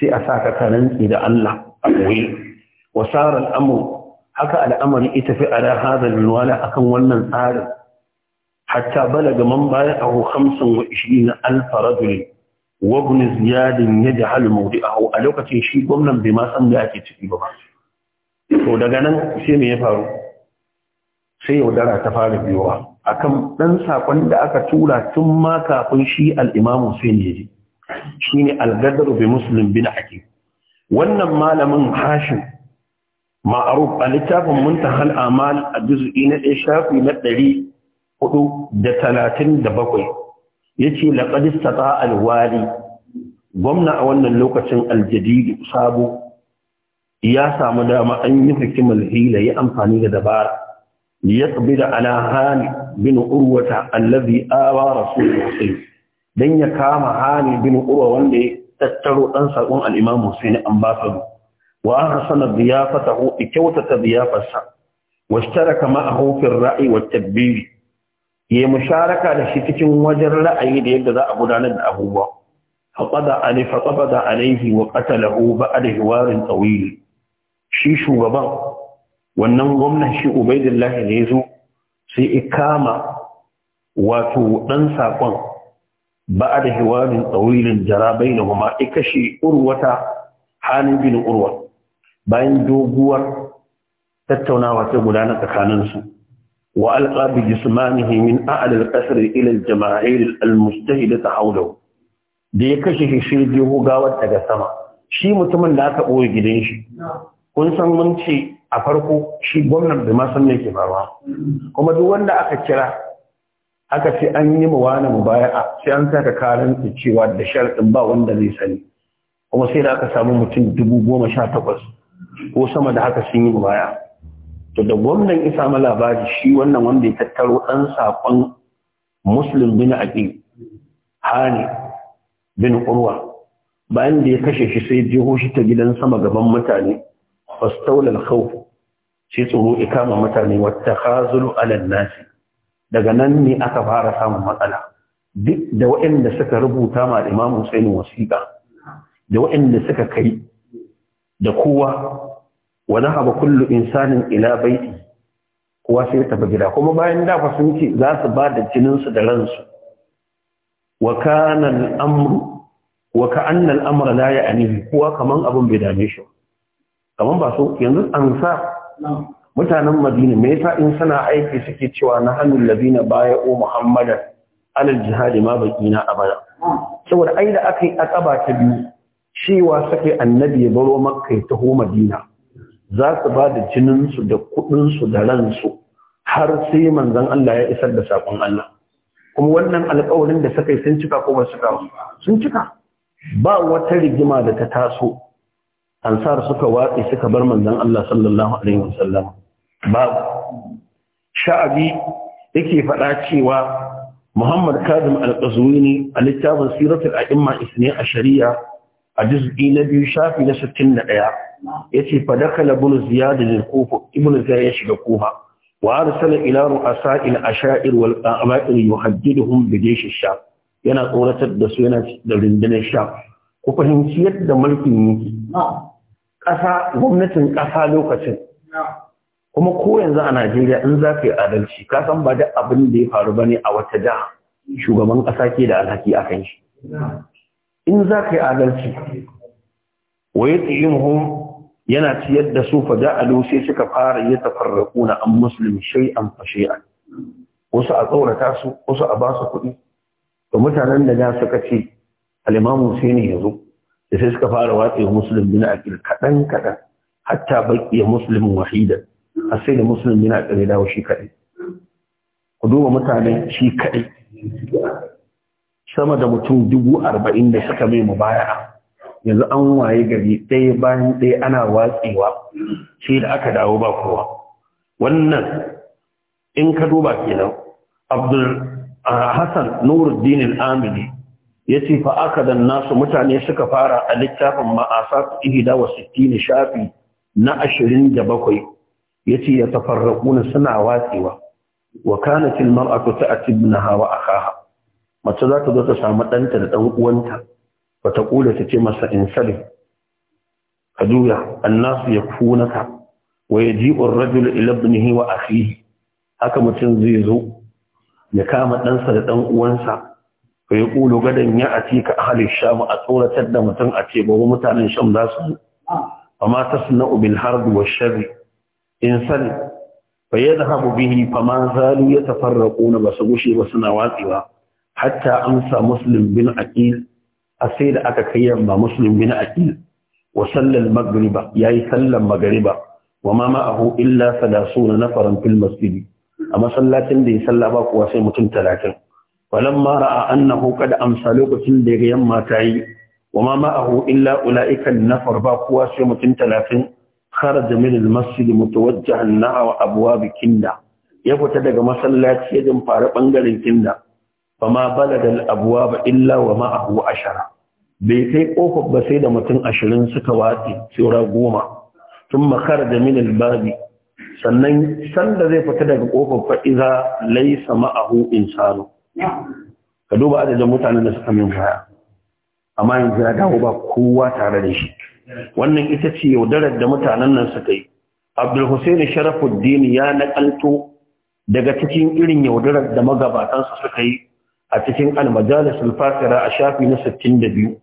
sai a ka karanci da Allah a koyi wa sara haka al'amari ita fi ala hadha a akan wannan tsarin hatta balaga man baya ahu 25 alf rajul ya ibn ziyad halin mawdi'ahu a lokacin shi gwamnan bai ma san me ake ciki ba to daga nan sai me ya faru sai yaudara ta fara biyowa akan dan sakon da aka tura tun ma kafin shi al-imamu sai ne ji shine al-gadr bi muslim bin hakim wannan malamin hashin ma'aruf a littafin muntahal amal a juz'i na ɗaya shafi na ɗari hudu da talatin da bakwai yace laqad istata alwali gwamna a wannan lokacin Aljadidi sabo ya samu dama an yi hikimar hila ya amfani da dabara liyaqbida ala hani bin urwata allazi awa rasulullah dan ya kama hani bin urwa wanda ya tattaro dan saƙon al-imam Hussein Ambasado. wa ahsana diyafatahu ikwata diyafarsa واشترك معه ra'ayi الرأي والتدبير ya musharaka da shi cikin wajen ra'ayi da yadda za a gudanar da abubuwa faqada ali faqada alayhi wa qatalahu da hiwarin tsawili. shi shugaban wannan gwamnan shi ubaidillah ne yazo sai ikama wato dan sakon da hiwarin tawilin jara i kashe urwata halin bin urwa bayan doguwar tattaunawa ta gudana tsakaninsu Wa بجسمانه من أعلى القصر إلى الجماهير المجتهدة حوله da ya kashe shi shi jeho gawar daga sama shi mutumin da aka ɓoye gidan shi kun san mun ce a farko shi gwamnan da ma san me ke faruwa kuma duk wanda aka kira aka ce an yi mu wani mubaya'a sai an saka karan cewa da sharadin ba wanda zai sani kuma sai da aka samu mutum dubu goma sha takwas ko sama da haka sun yi baya. to da gwamnan isa ma labari shi wannan wanda ya tattaro ɗan saƙon muslim bin aqil hani bin urwa bayan da ya kashe shi sai jeho shi ta gidan sama gaban mutane fastaulal khawf sai tsoro ya kama mutane wata khazulu alal nasi daga nan ne aka fara samun matsala duk da waɗanda suka rubuta ma Imam Hussein wasiƙa da waɗanda suka kai da kowa wa nahaba kullu insanin ila baiti kuwa sai tafi gida kuma bayan da fa sun ce za su ba da jininsu da ransu wa kana al-amru wa ka'anna al-amra la ya'nihi kuwa kaman abun bai dame shi kaman ba su? yanzu an sa mutanen Madina me yasa in suna aiki suke cewa na hannun labina baya o Muhammadan alal jihadi ma bakina abada saboda ai da aka yi akaba ta biyu cewa sake annabi ya baro makka ya taho Madina za su ba da jininsu da kuɗinsu da ransu har sai manzon Allah ya isar da sakon Allah kuma wannan alƙawarin da suka yi sun cika ko ba su kawo sun cika ba wata rigima da ta taso ansar suka watsi suka bar manzon Allah sallallahu alaihi wasallam ba sha'abi yake faɗa cewa Muhammad Kazim Al-Qazwini a littafin Siratul A'imma Isniya a Shari'a a juz'i na biyu shafi na 61 yace fa dakala ibn ziyad da kufa ibn ziyad ya shiga kufa wa arsala ila ru'asa'il asha'ir wal qa'ama'ir yuhaddiduhum bi jaysh ash-sham yana tsoratar da su yana da rundunar sha, ku fahimci yadda mulkin yake ƙasa gwamnatin ƙasa lokacin kuma ko yanzu a Najeriya in za ka yi adalci ka san ba da abin da ya faru bane a wata jiha shugaban ƙasa ke da alhaki a kan shi in za ka yi adalci wa ya tsihimhum yana ciyar da su fa ja'alu sai suka fara ya tafarraquna an muslim shay'an fa shay'an wasu a tsaurata su wasu a ba su kuɗi to mutanen da za suka ce al-imamu Husaini yazo da sai suka fara watsa muslim bin aqil kadan kadan hatta baqiya muslim wahidan har sai da muslim bin aqil dawo shi kadai ku duba mutanen shi kadai sama da mutum dubu arba'in da suka mai baya, yanzu an waye gari ɗaya bayan ɗaya ana watsewa shi da aka dawo ba kowa wannan in ka duba kenan abdul hassan nuruddin al-amili ya ce fa aka dan nasu mutane suka fara a littafin ma'asa ihida wa sittin shafi na ashirin da bakwai ya ce ya tafarraƙuna suna watsewa wa kanatil mar'atu ta'ati hawa wa kaha. mace za ta zo ta samu ɗanta da ɗan uwanta ba ta ƙula ta ce masa in salim ka juya annasu ya kuna ka. wa ya ji rajul ila Hiwa wa akhihi haka mutum zai zo ya kama ɗansa da ɗan uwansa ka yi ƙulo gadon ya a ce ka ahalin shamu a tsoratar da mutum a ce wa mutanen sham za su zo ma ta suna ubin wa shari in salim yadda haɓu bihi fama zalu ba basu gushe ba suna watsewa hatta amsa muslim bin aqil a sai da aka kai yamma muslim bin aqil wa sallal magriba yayi sallan magriba wa ma ma'ahu illa salasuna nafaran fil masjid a masallacin da ya salla ba kuwa sai mutum 30 walamma ra'a annahu qad amsa lokacin da ya yamma tayi wa ma ma'ahu illa ulaika nafar ba kuwa sai mutum 30 kharaja min al masjid mutawajjihan na'a wa abwab kinda ya fita daga masallaci ya fara bangaren kinda fama da abuwa ba illa wa ma'ahu ashara bai kai kofar ba sai da mutum ashirin suka watsi tsura goma Tun makara da min babi. sannan sanda zai fita daga kofar fa'iza laisa ma'ahu insano ka duba adadin mutanen da suka min baya amma yanzu ya dawo ba kowa tare da shi wannan ita ce yaudarar da mutanen nan suka yi abdul hussein sharafuddin ya nakalto daga cikin irin yaudarar da magabatansa suka yi a cikin almajalis alfasira a shafi na 62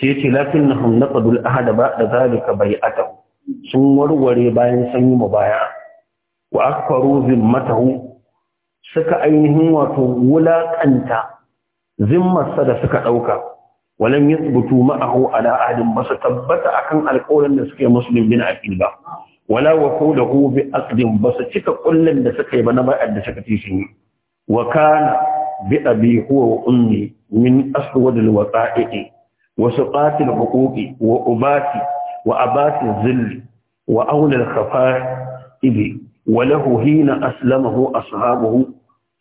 sai yace ba da ahada bai zalika bai'atahu sun warware bayan sun yi mubaya wa akfaru zimmatahu suka ainihin wato wulakanta zimmarsa da suka ɗauka walan yathbutu ma'ahu ala ahadin su tabbata akan alƙawarin da suke muslim bin aqil ba wala wafudahu bi ba su cika ƙullin da suka yi ba na bayar da suka tishi wa kana bi abi huwa wa ummi min aswad al wata'iqi wa suqat al huquqi wa ubati wa abati zill wa awla al khafa'i wa lahu hina aslamahu ashabuhu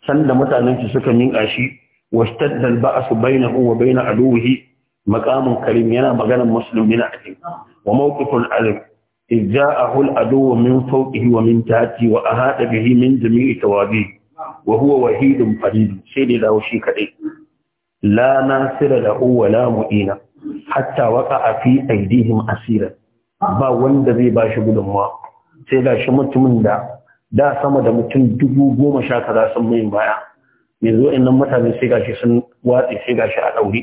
sanda mutanen shi suka minka shi washtadda al ba'su bainahu wa bain aduwihi maqamun karim yana maganar musulmina akai wa mawqifun alim إذ جاءه العدو من فوقه ومن تحته وأهات به من جميع توابيه wa huwa wahidun farid sai dai dawo shi kadai la nasira lahu wa la mu'ina hatta waqa'a fi aidihim asira ba wanda zai bashi gudunmawa. sai gashi mutumin da da sama da mutum dubu goma sha kaza sun mai baya yanzu innan mutane sai gashi sun watsi sai gashi a daure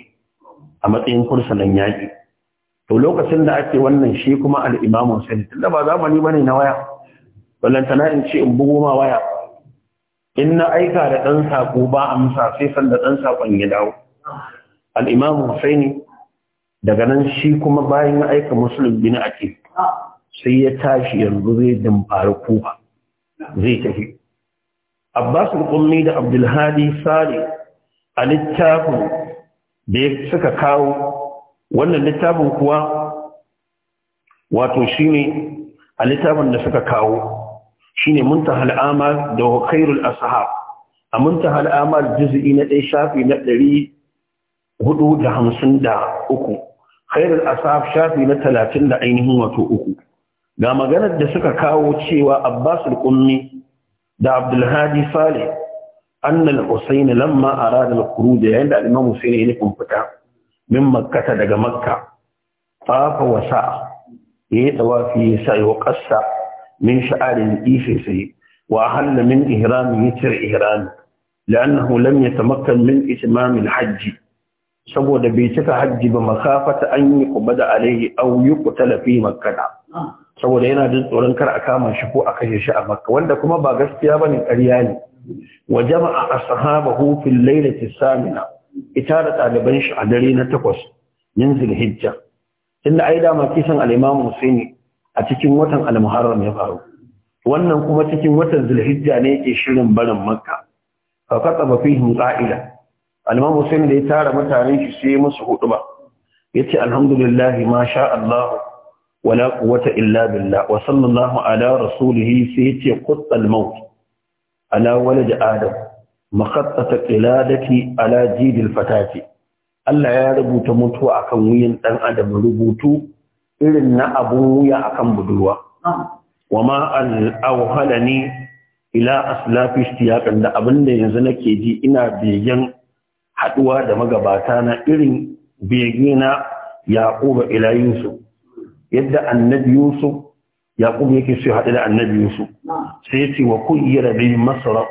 a matsayin kursunan yaƙi to lokacin da ake wannan shi kuma al'imamun sani tunda ba zamani ne na waya ballantana in ce in bugu ma waya in na aika da ɗan saƙo ba musa sai sanda ɗan saƙon ya dawo al'imamu husaini daga nan shi kuma bayan ya aika musulun bin ake sai ya tashi yanzu zai damfara kuma. zai tafi abbas al da abdulhadi sale a littafin da suka kawo wannan littafin kuwa wato shi ne a littafin da suka kawo shine muntaha al'amal da khairul ashab a muntaha al'amal juz'i na dai shafi na ɗari da hamsin da uku khairul ashab shafi na talatin da ainihin wato uku ga maganar da suka kawo cewa abbas al-qummi da abdulhadi saleh annal husayn lamma arada al-khuruj yayin da imam husayn ya nufin fita min makkata daga makka fafa wasa yayi tawafi sai wa qassa min sha'arin ife sai wa halla min ihrami yatir ihrami لأنه لم يتمكن من إتمام الحج saboda bai cika hajji ba makafata an yi kubada alaihi au yi kutala fi makka saboda yana jin tsoron kar a kama shi ko a kashe shi a makka wanda kuma ba gaskiya bane ƙarya ne wa jama'a ashabahu fil lailati samina ita da ɗaliban shi a dare na takwas min zulhijja Inda ai da ma kisan al-imam Husaini a cikin watan al-muharram ya faru wannan kuma cikin watan zulhijja ne yake shirin barin makka fa kataba fihim qa'ila al-imam Hussein da ya tara mutanen shi sai musu huduba yace alhamdulillah ma sha Allah wala quwwata illa billah wa sallallahu ala rasulih sai yace quttal maut ala walad adam makhattata qiladati ala jidil fatati Allah ya rubuta mutuwa akan wuyin dan adam rubutu irin na abun wuya akan budurwa ah. wa ma al-awhalani ila aslafi istiyaqan da abin da yanzu nake ji ina begen haɗuwa da magabata na irin bege na yaquba ila yusuf yadda annabi yusuf yaqub yake so hadu da annabi yusuf ah. sai ce wa kuyyira bi masra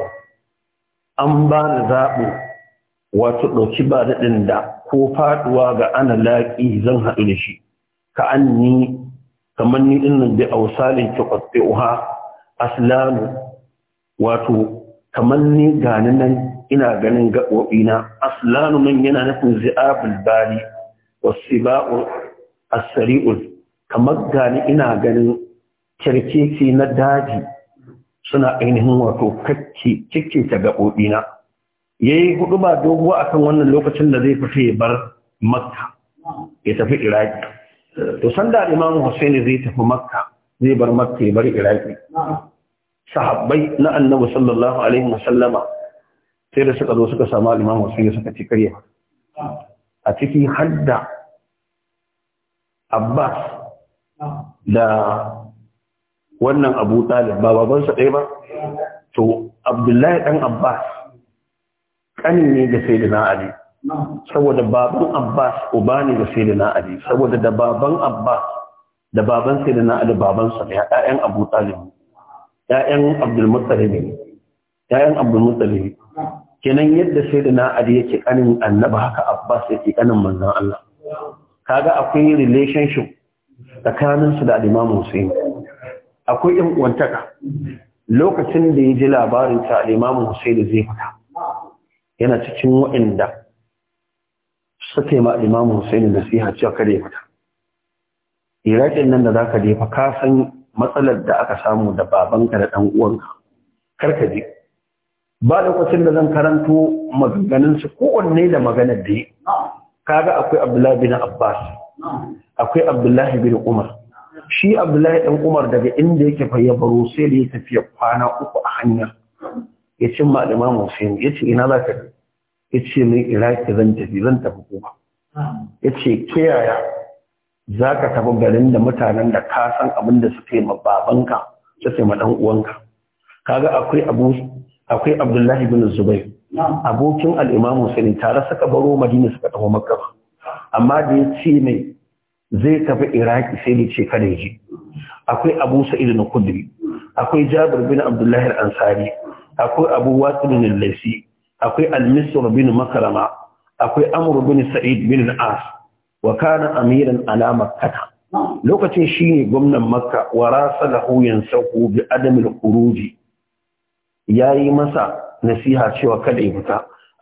an ba ni zaɓi wato ɗauki ba daɗin da ko faɗuwa ga ana laqi zan haɗu da shi كأني كمني إن بأوصال تقطعها أسلام واتو كمني غاننا ina ganin gaɓoɓina aslanu nan yana nufin zi'abul bali wasiba'u as-sari'ul kamar gani ina ganin kirkeci na daji suna ainihin wato kakke kike ta gaɓoɓina yayi hudu ba doguwa akan wannan lokacin da zai fita ya bar makka ya tafi iraki to sanda imam Hussein zai tafi makka zai bar makka ya bar iraki sahabbai na annabi sallallahu alaihi wasallama sai da suka zo suka samu imam Hussein ya saka karya a ciki hadda Abbas da wannan Abu Talib ba babansa ɗaya ba to Abdullahi dan Abbas kanin ne da Sayyidina Ali saboda baban abbas uba ne da sai na ali saboda da baban abbas da baban sai da na ali da ya ya'yan abu talib ya'yan abdulmuttalib ne ya'yan Muttalib kenan yadda sai da na ali yake kanin annaba haka abbas yake kanin manzon allah kaga akwai relationship tsakaninsu da Imam hussein akwai yan uwantaka lokacin da ya ji labarin ta Imam hussein zai fita yana cikin waɗanda suke ma imamu Hussein nasiha cewa kare fita Iraƙin nan da zaka je fa ka san matsalar da aka samu da babanka da ɗan uwanka karka je ba lokacin da zan karanto maganganun su kowanne da maganar da yi kaga akwai Abdullahi bin Abbas akwai Abdullahi bin Umar shi Abdullahi dan Umar daga inda yake fa baro sai da ya tafi kwana uku a hanya ya cin ma Imam ya yace ina zaka je ya ce mai iraki zan tafi zan tafi kuma ya ce ke yaya za ka tafi garin da mutanen da ka san abin da suka yi ma babanka su sai ma ɗan uwanka kaga akwai abu akwai abdullahi bin zubair abokin al'imamu sani tare suka baro madina suka tafi makka amma da ya ce mai zai tafi iraki sai da ce kada ji akwai abu sa'id na kudri akwai jabir bin abdullahi al-ansari akwai abu wasil bin al akwai al-misr bin makarama akwai amr bin sa'id bin al-as wa kana amiran ala makkah lokacin shine gwamnan makka wa rasalahu yansahu bi adam al-khuruj yayi masa nasiha cewa kada ya fita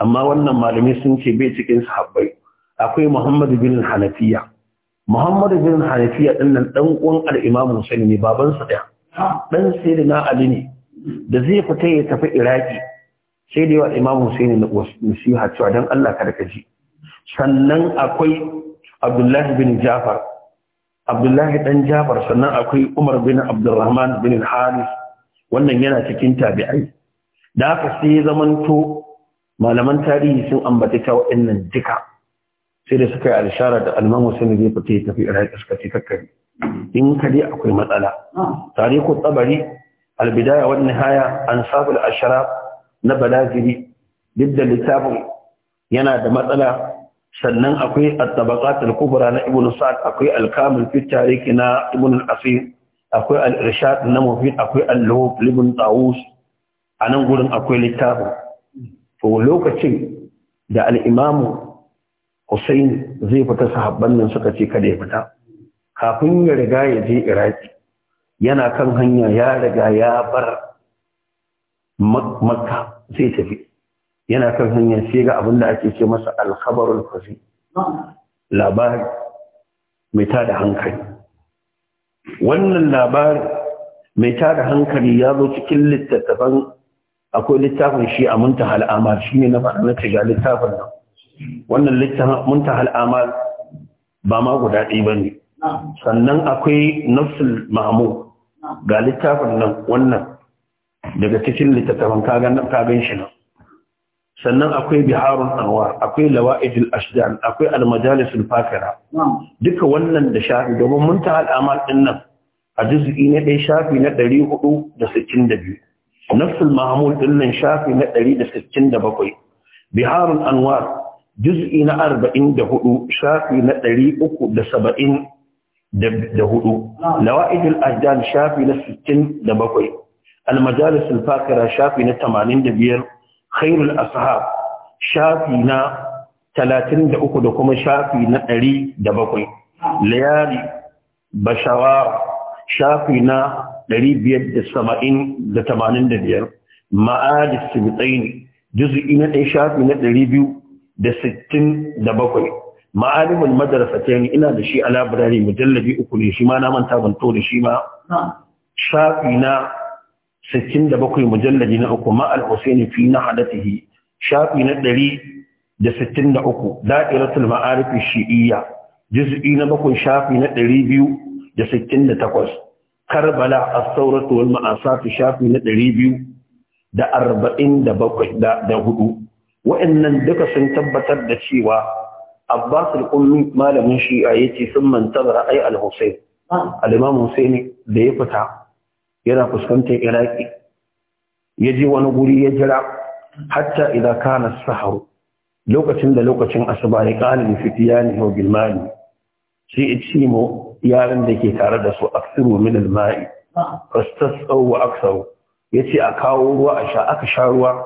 amma wannan malamai sun ce bai cikin sahabbai akwai muhammad bin hanafiya muhammad bin hanafiya din nan dan uwan al-imam husaini ne baban daya dan sayyidina ali ne da zai fita ya tafi iraki sai da yawa imamu Hussein na nasiha cewa dan Allah kada ka ji sannan akwai Abdullahi bin Jafar Abdullahi dan Jafar sannan akwai Umar bin Abdurrahman bin Haris wannan yana cikin tabi'ai da aka sai zamanto malaman tarihi sun ambaci ta waɗannan duka sai da suka yi alshara da alman wasu zai fita ya tafi iraq suka ce kakkari in ka dai akwai matsala ah. tare ko tsabari albidaya wani haya an sabu da ashara na balagiri duk da littafin yana da matsala sannan akwai at-tabaqat al-kubra na ibnu sa'd akwai al-kamil fi tarikh na ibnu al-asir akwai al-irshad na mufid akwai al-luhub ibn tawus anan gurin akwai littafin to lokacin da al-imamu Hussein zai fita sahabban nan suka ce kada ya fita kafin ya riga ya je Iraki yana kan hanya ya riga ya bar makka sai tafi yana kan hanyar sai ga abin da ake ce masa alkhabarul fasi labari mai tada hankali wannan labari mai tada hankali ya zo cikin littattafan akwai littafin shi a munta al'amal shi ne na faɗa na ga littafin nan wannan littafin munta al'amal ba ma guda ɗaya ba ne sannan akwai nafsul mamu ga littafin nan wannan daga cikin littattafan kagan shi nan sannan akwai biharun anwar akwai lawa'idul ashdan akwai almajalisul fakira duka wannan da shafi domin mun ta al'amal din nan a juz'i na dai shafi na 462 nafsul mahmud din nan shafi na 167 biharun anwar juz'i na 44 shafi na da 374 lawa'idul ashdan shafi na 67 المجالس الفاكرة شافي نتمانين دبير خير الأصحاب شافي نا تلاتين دعوكو دكما شافي نتري دبقوي ليالي بشوار شافي نا دري بيد السبعين دتمانين دبير معاد السبطين جزء إنا شافي نتري بيو دستين دبقوي ma'alimin madarasa ni ina da shi a labirari mujallabi uku ne shi ma na manta ban to da shi ma shafi na sittin da bakwai mujalladi na uku ma al-husaini fi nahadatihi shafi na ɗari da sittin da uku da'iratul ma'arif shi'iyya juz'i na bakwai shafi na ɗari biyu da sittin da takwas karbala as-sauratu wal ma'asatu shafi na ɗari biyu da arba'in da bakwai da hudu wa'annan duka sun tabbatar da cewa abbas al-ummi malamin shi'a yace sun mantazara ra'ayi al-husayn ah. al-imam husaini da ya fita yana fuskantar iraki ya je wani guri ya jira hatta idan kana saharu lokacin da lokacin asuba ya kalin fitiyani wa bilmani shi ci yaran da ke tare da su aksiru min alma'i fastasau wa aksaru yace a kawo ruwa a sha aka sha ruwa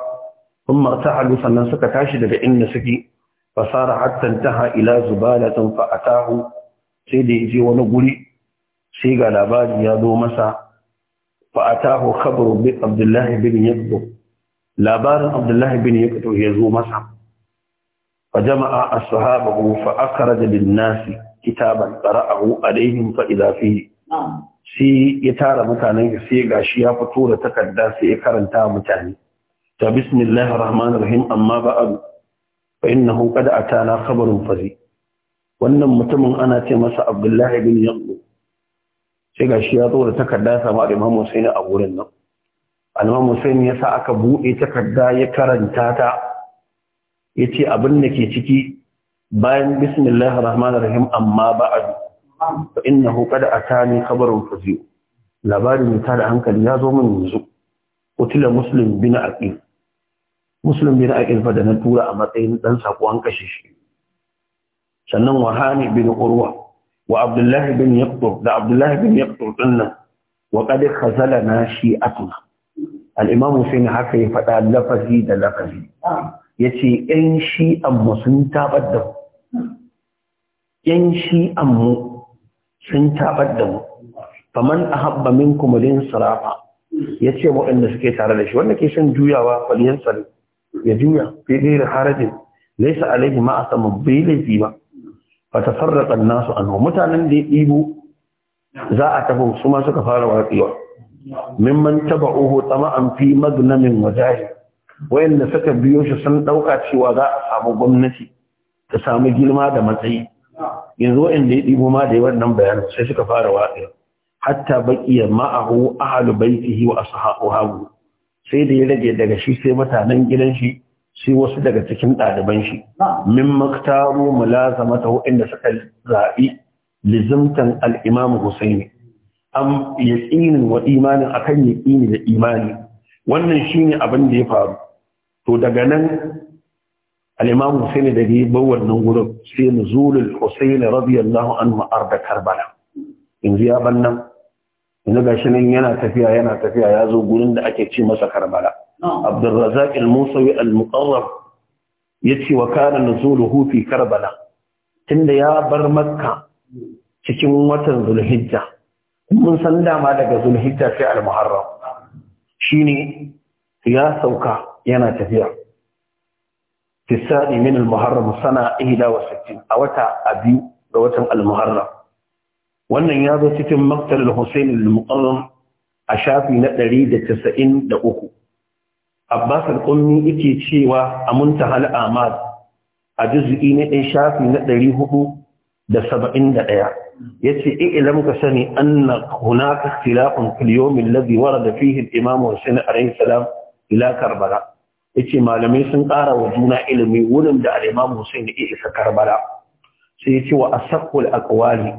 ثم ارتحلوا sannan suka tashi daga inda suke fasara hatta intaha ila zubalatin fa atahu sai da ya je wani guri sai ga labari ya zo masa fa atahu khabru Abdullahi bin Yaqdu labar Abdullah bin Yaqdu yazo masa fa jama'a ashabu fa akhraja bin nas kitaban qara'ahu alaihim fa idha fihi si ya tara mutanen shi sai gashi ya fito da takarda sai ya karanta mutane ta bismillahir rahmanir rahim amma ba abu fa innahu qad atana khabrun fazi wannan mutumin ana ce masa Abdullah bin Yaqdu sai ga shi ya zo da takarda sama da Imam Hussein a wurin nan Imam Hussein ya sa aka buɗe takarda ya karanta ta yace abin da ke ciki bayan bismillahir rahmanir rahim amma ba'd fa innahu qad atani khabarun fazi labarin ta da hankali ya zo min yanzu utila muslim bin aqil muslim bin aqil fa da na tura a matsayin dan sako an kashe shi sannan wahani bin urwa wa abdullahi bin yaqtur da abdullahi bin yaqtur dinnan wa qad khazalana shi'atuna al haka ya faɗa lafazi da lafazi yace ƴan shi'an mu sun tabar da mu ƴan shi'an mu sun tabar da yace waɗanda suke tare da shi wanda ke son juyawa faliyan sare ya juya fi da harajin laysa alayhi ma asamu bai laifi ba fa tafarraqa nasu anhu mutanen da ya ɗibo za a tafi su ma suka fara watsewa mimman taba'uhu tama'an fi magnamin wajahi wayanda suka biyo shi sun ɗauka cewa za a samu gwamnati ta samu girma da matsayi yanzu wayanda ya ɗibo ma da yi wannan bayanin sai suka fara watsewa hatta baqiya ma'ahu ahlu baitihi wa hagu. sai da ya rage daga shi sai mutanen gidan shi sai wasu daga cikin ɗaliban shi min maktaru mulazamata inda suka zaɓi lizimtan Alimamu Husaini am yaqinin wa imanin akan tsini da imani wannan shine abin da ya faru to daga nan Alimamu imam Husaini da ya bar wannan gurin sai nuzulul Husaini radiyallahu anhu da Karbala yanzu ya ina ga gashi nan yana tafiya yana tafiya ya zo gurin da ake ce masa Karbala عبد الرزاق الموسوي المقرب يتي وكان نزوله في كربلاء تند يا بر مكة cikin watan Zulhijja mun san dama daga Zulhijja sai al-Muharram shine ya sauka yana tafiya tisani min al-Muharram sana 61 a wata abiyu ga watan al-Muharram wannan ya zo cikin maktal al-Husayn al-Muqarram a shafi na 193 abbas al-ummi yake cewa a muntahal amal a juz'i na ɗin shafi na ɗari hudu da saba'in da ɗaya ya ce ilam ka sani anna hunaka ikhtilafun fil yawmin ladhi warada fihi al-imam Hussein alayhi salam ila Karbala yace malamai sun ƙara wa juna ilimi wurin da al-imam Hussein ya isa Karbala sai ce wa asaqul akwali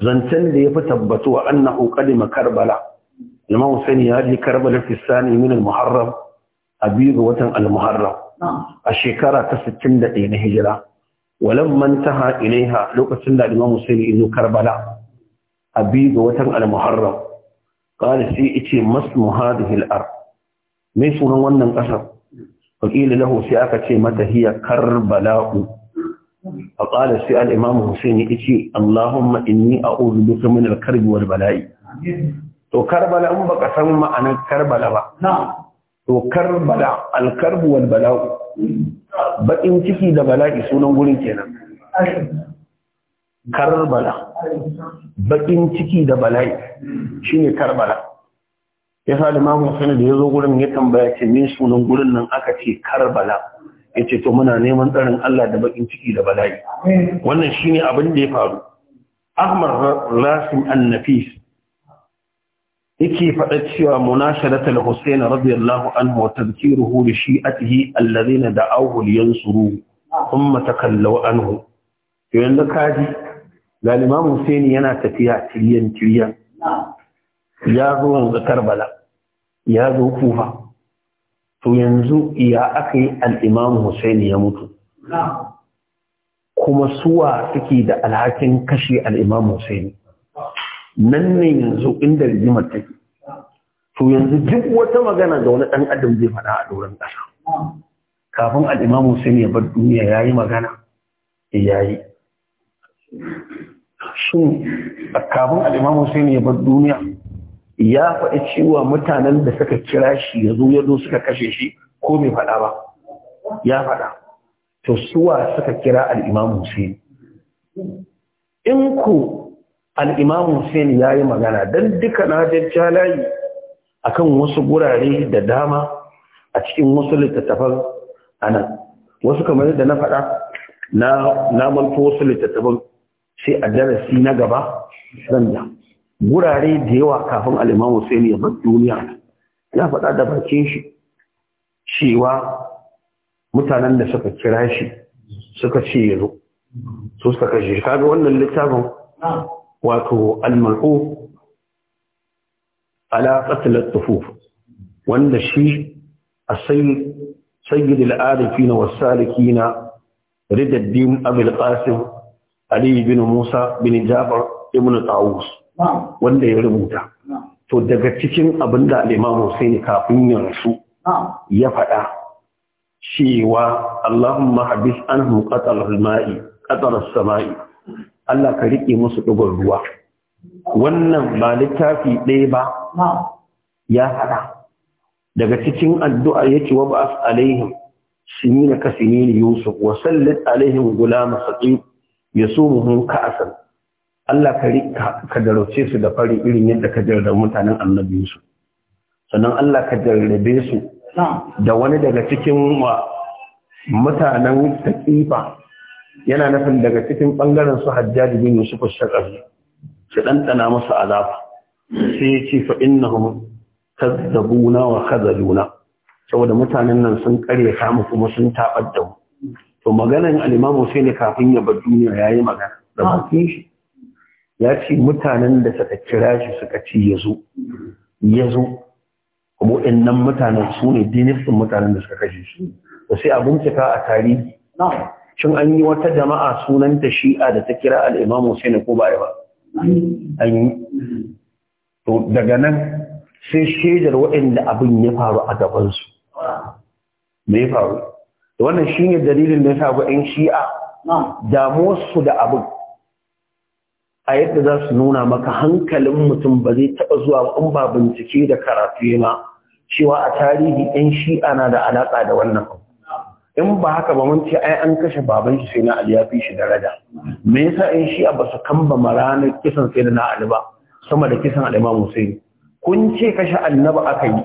zancen da yafi tabbatu annahu ma Karbala al-imam ya ji Karbala fissani sani min muharram a biyu ga watan al-muharram a shekara ta 61 na hijira walam mantaha ilaiha lokacin da Imam Hussein ibn Karbala a biyu ga watan al-muharram qala sai yace masmu hadhihi al-ard mai sunan wannan kasar wakili lahu sai aka ce mata hiya karbala'u a ƙala sai al'imam Hussein ya ce Allahumma inni a ozu duka min alkarbi wal bala'i to karbala in baka san ma'anar karbala ba to karbala alkarbu wal bala'u bakin ciki da bala'i sunan gurin kenan karbala baƙin ciki da bala'i shine karbala yasa da mamu sani da ya zo gurin ya tambaya ce min sunan gurin nan aka ce karbala ya ce to muna neman tsarin Allah da bakin ciki da bala'i wannan shine abin da ya faru ahmar rasim annafis yake faɗa cewa munasharatul husayn radiyallahu anhu wa tadhkiruhu li shi'atihi alladhina da'awhu liyansuru thumma takallaw anhu yanzu kaji ga Hussaini yana tafiya tiriyan tiriyan ya zo yanzu Karbala ya zo Kufa to yanzu ya aka yi al Hussaini ya mutu kuma suwa suke da alhakin kashe alimam Hussaini? nan ne yanzu inda rigimar take to yanzu duk wata magana ga wani ɗan adam zai faɗa a doron ƙasa kafin al'imamu sai ne bar duniya ya yi magana eh, ya yi shin kafin al'imamu sai ne bar duniya ya faɗi cewa mutanen da suka kira shi ya zo ya zo suka kashe shi ko mai faɗa ba ya faɗa to suwa suka kira al'imamu sai in ku alimam Hussein ya yi magana don duka na jajja layi a kan wasu gurare da dama a cikin wasu littattafan a nan wasu kamar yadda na faɗa na manto wasu littattafan sai a darasi na gaba zan da gurare da yawa kafin al’imam Hussein ya bar duniya ya faɗa da bakin shi cewa mutanen da suka kira shi suka ce yanzu. zo su suka kashe shi kaga wannan littafin wato al-mar'u ala qatl at-tufuf wanda shi as-sayyid sayyid al-arifin was-salikin ridaddin abul qasim ali ibn musa bin Jafar, ibn tawus wanda ya rubuta to daga cikin abinda al-imam Hussein kafin ya rasu ya faɗa cewa Allahumma habis anhum qatal al-ma'i as-sama'i Allah ka riƙe musu ɗigon ruwa wannan ba littafi ɗaya ba ya haɗa daga cikin addu'a ya ce wa ba'as alaihim na ka ne yusuf wa sallit alaihim ya so yasumuhum ka'asan Allah ka ka darauce su da fari irin yadda ka jarra mutanen annabi sannan Allah ka jarrabe su da wani daga cikin mutanen taqifa yana nufin daga cikin ɓangaren su hajjaji bin yusuf su ɗanɗana masa azaba sai ya ce fa innahum kazzabuna wa khazaluna saboda mutanen nan sun karya mu kuma sun tabar da mu to maganan al-imam Hussein kafin ya bar duniya yayi magana da bakin shi ya ce mutanen da suka kira shi suka ci yazo yazo kuma innan mutanen su ne dinin mutanen da suka kashe shi to sai a bincika a tarihi na'am shin an yi wata jama'a sunanta shi'a da ta kira al'imam Hussein ko ba ba an yi to daga nan sai shaidar waɗanda abin ya faru a gabansu me ya faru da wannan shi ne dalilin da ya sa ‘yan shi'a damuwarsu da abin a yadda za su nuna maka hankalin mutum ba zai taɓa zuwa in ba bincike da karatu ma cewa a tarihi ‘yan shi'a na da alaƙa da wannan abu in ba haka ba mun ce ai an kashe baban shi sai na Ali ya fi shi daraja me yasa in shi a basu kamba marana kisan sai da na Ali ba sama da kisan al-Imam Hussein kun ce kashe annabi aka yi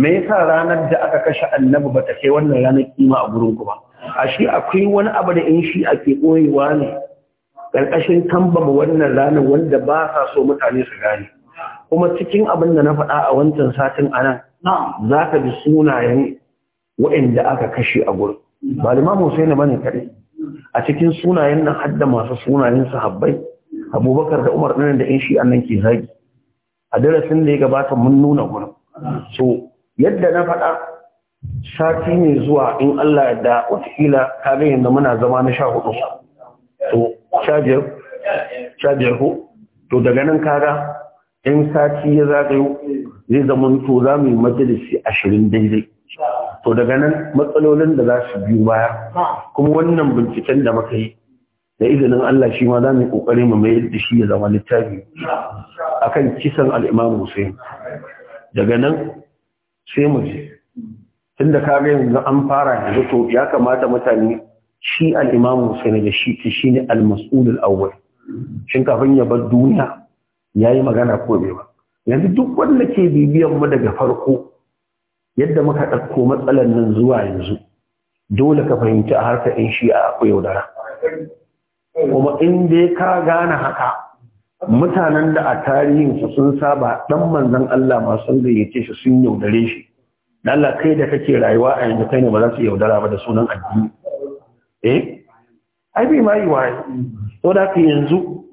me yasa ranar da aka kashe annabi ba ta kai wannan ranar kima a gurin ku ba a shi akwai wani abu da in shi ake koyewa ne karkashin kambama wannan ranar wanda ba sa so mutane su gane kuma cikin abin da na faɗa a wancan satin anan za ka bi sunayen Waɗanda aka kashe a gurin ba Musa na mani kaɗai a cikin sunayen nan hadda masu sunayen sahabbai Abubakar da Umar ɗana da 'yan a nan ke zagi a darasin da ya gabata mun nuna gurin so yadda na faɗa sati ne zuwa in Allah da watakila kaga a muna zama na sha hudu to sha biyar ko to daga nan kaga in sati ya zagayo zai zama to za mu yi majalisi ashirin daidai to daga nan matsalolin da za su biyu baya kuma wannan binciken da muka yi da izinin Allah shi ma za mu kokari mu mai da shi ya zama littafi akan kisan al-Imam Hussein daga nan sai mu je tunda ka ga yanzu an fara da to ya kamata mutane shi al-Imam Hussein da shi shine al-mas'ul al-awwal shin kafin ya bar duniya yayi magana ko bai ba yanzu duk wanda ke bibiyan mu daga farko yadda muka ɗauko matsalar nan zuwa yanzu dole ka fahimci a harkar in shi a akwai yaudara kuma inda ya ka gane haka mutanen da a tarihinsu sun saba ɗan manzan Allah masu gayyace shi sun yaudare shi da Allah kai da kake rayuwa a yanzu kai ne ba za su yaudara ba da sunan addini eh ai bai ma yi to da yanzu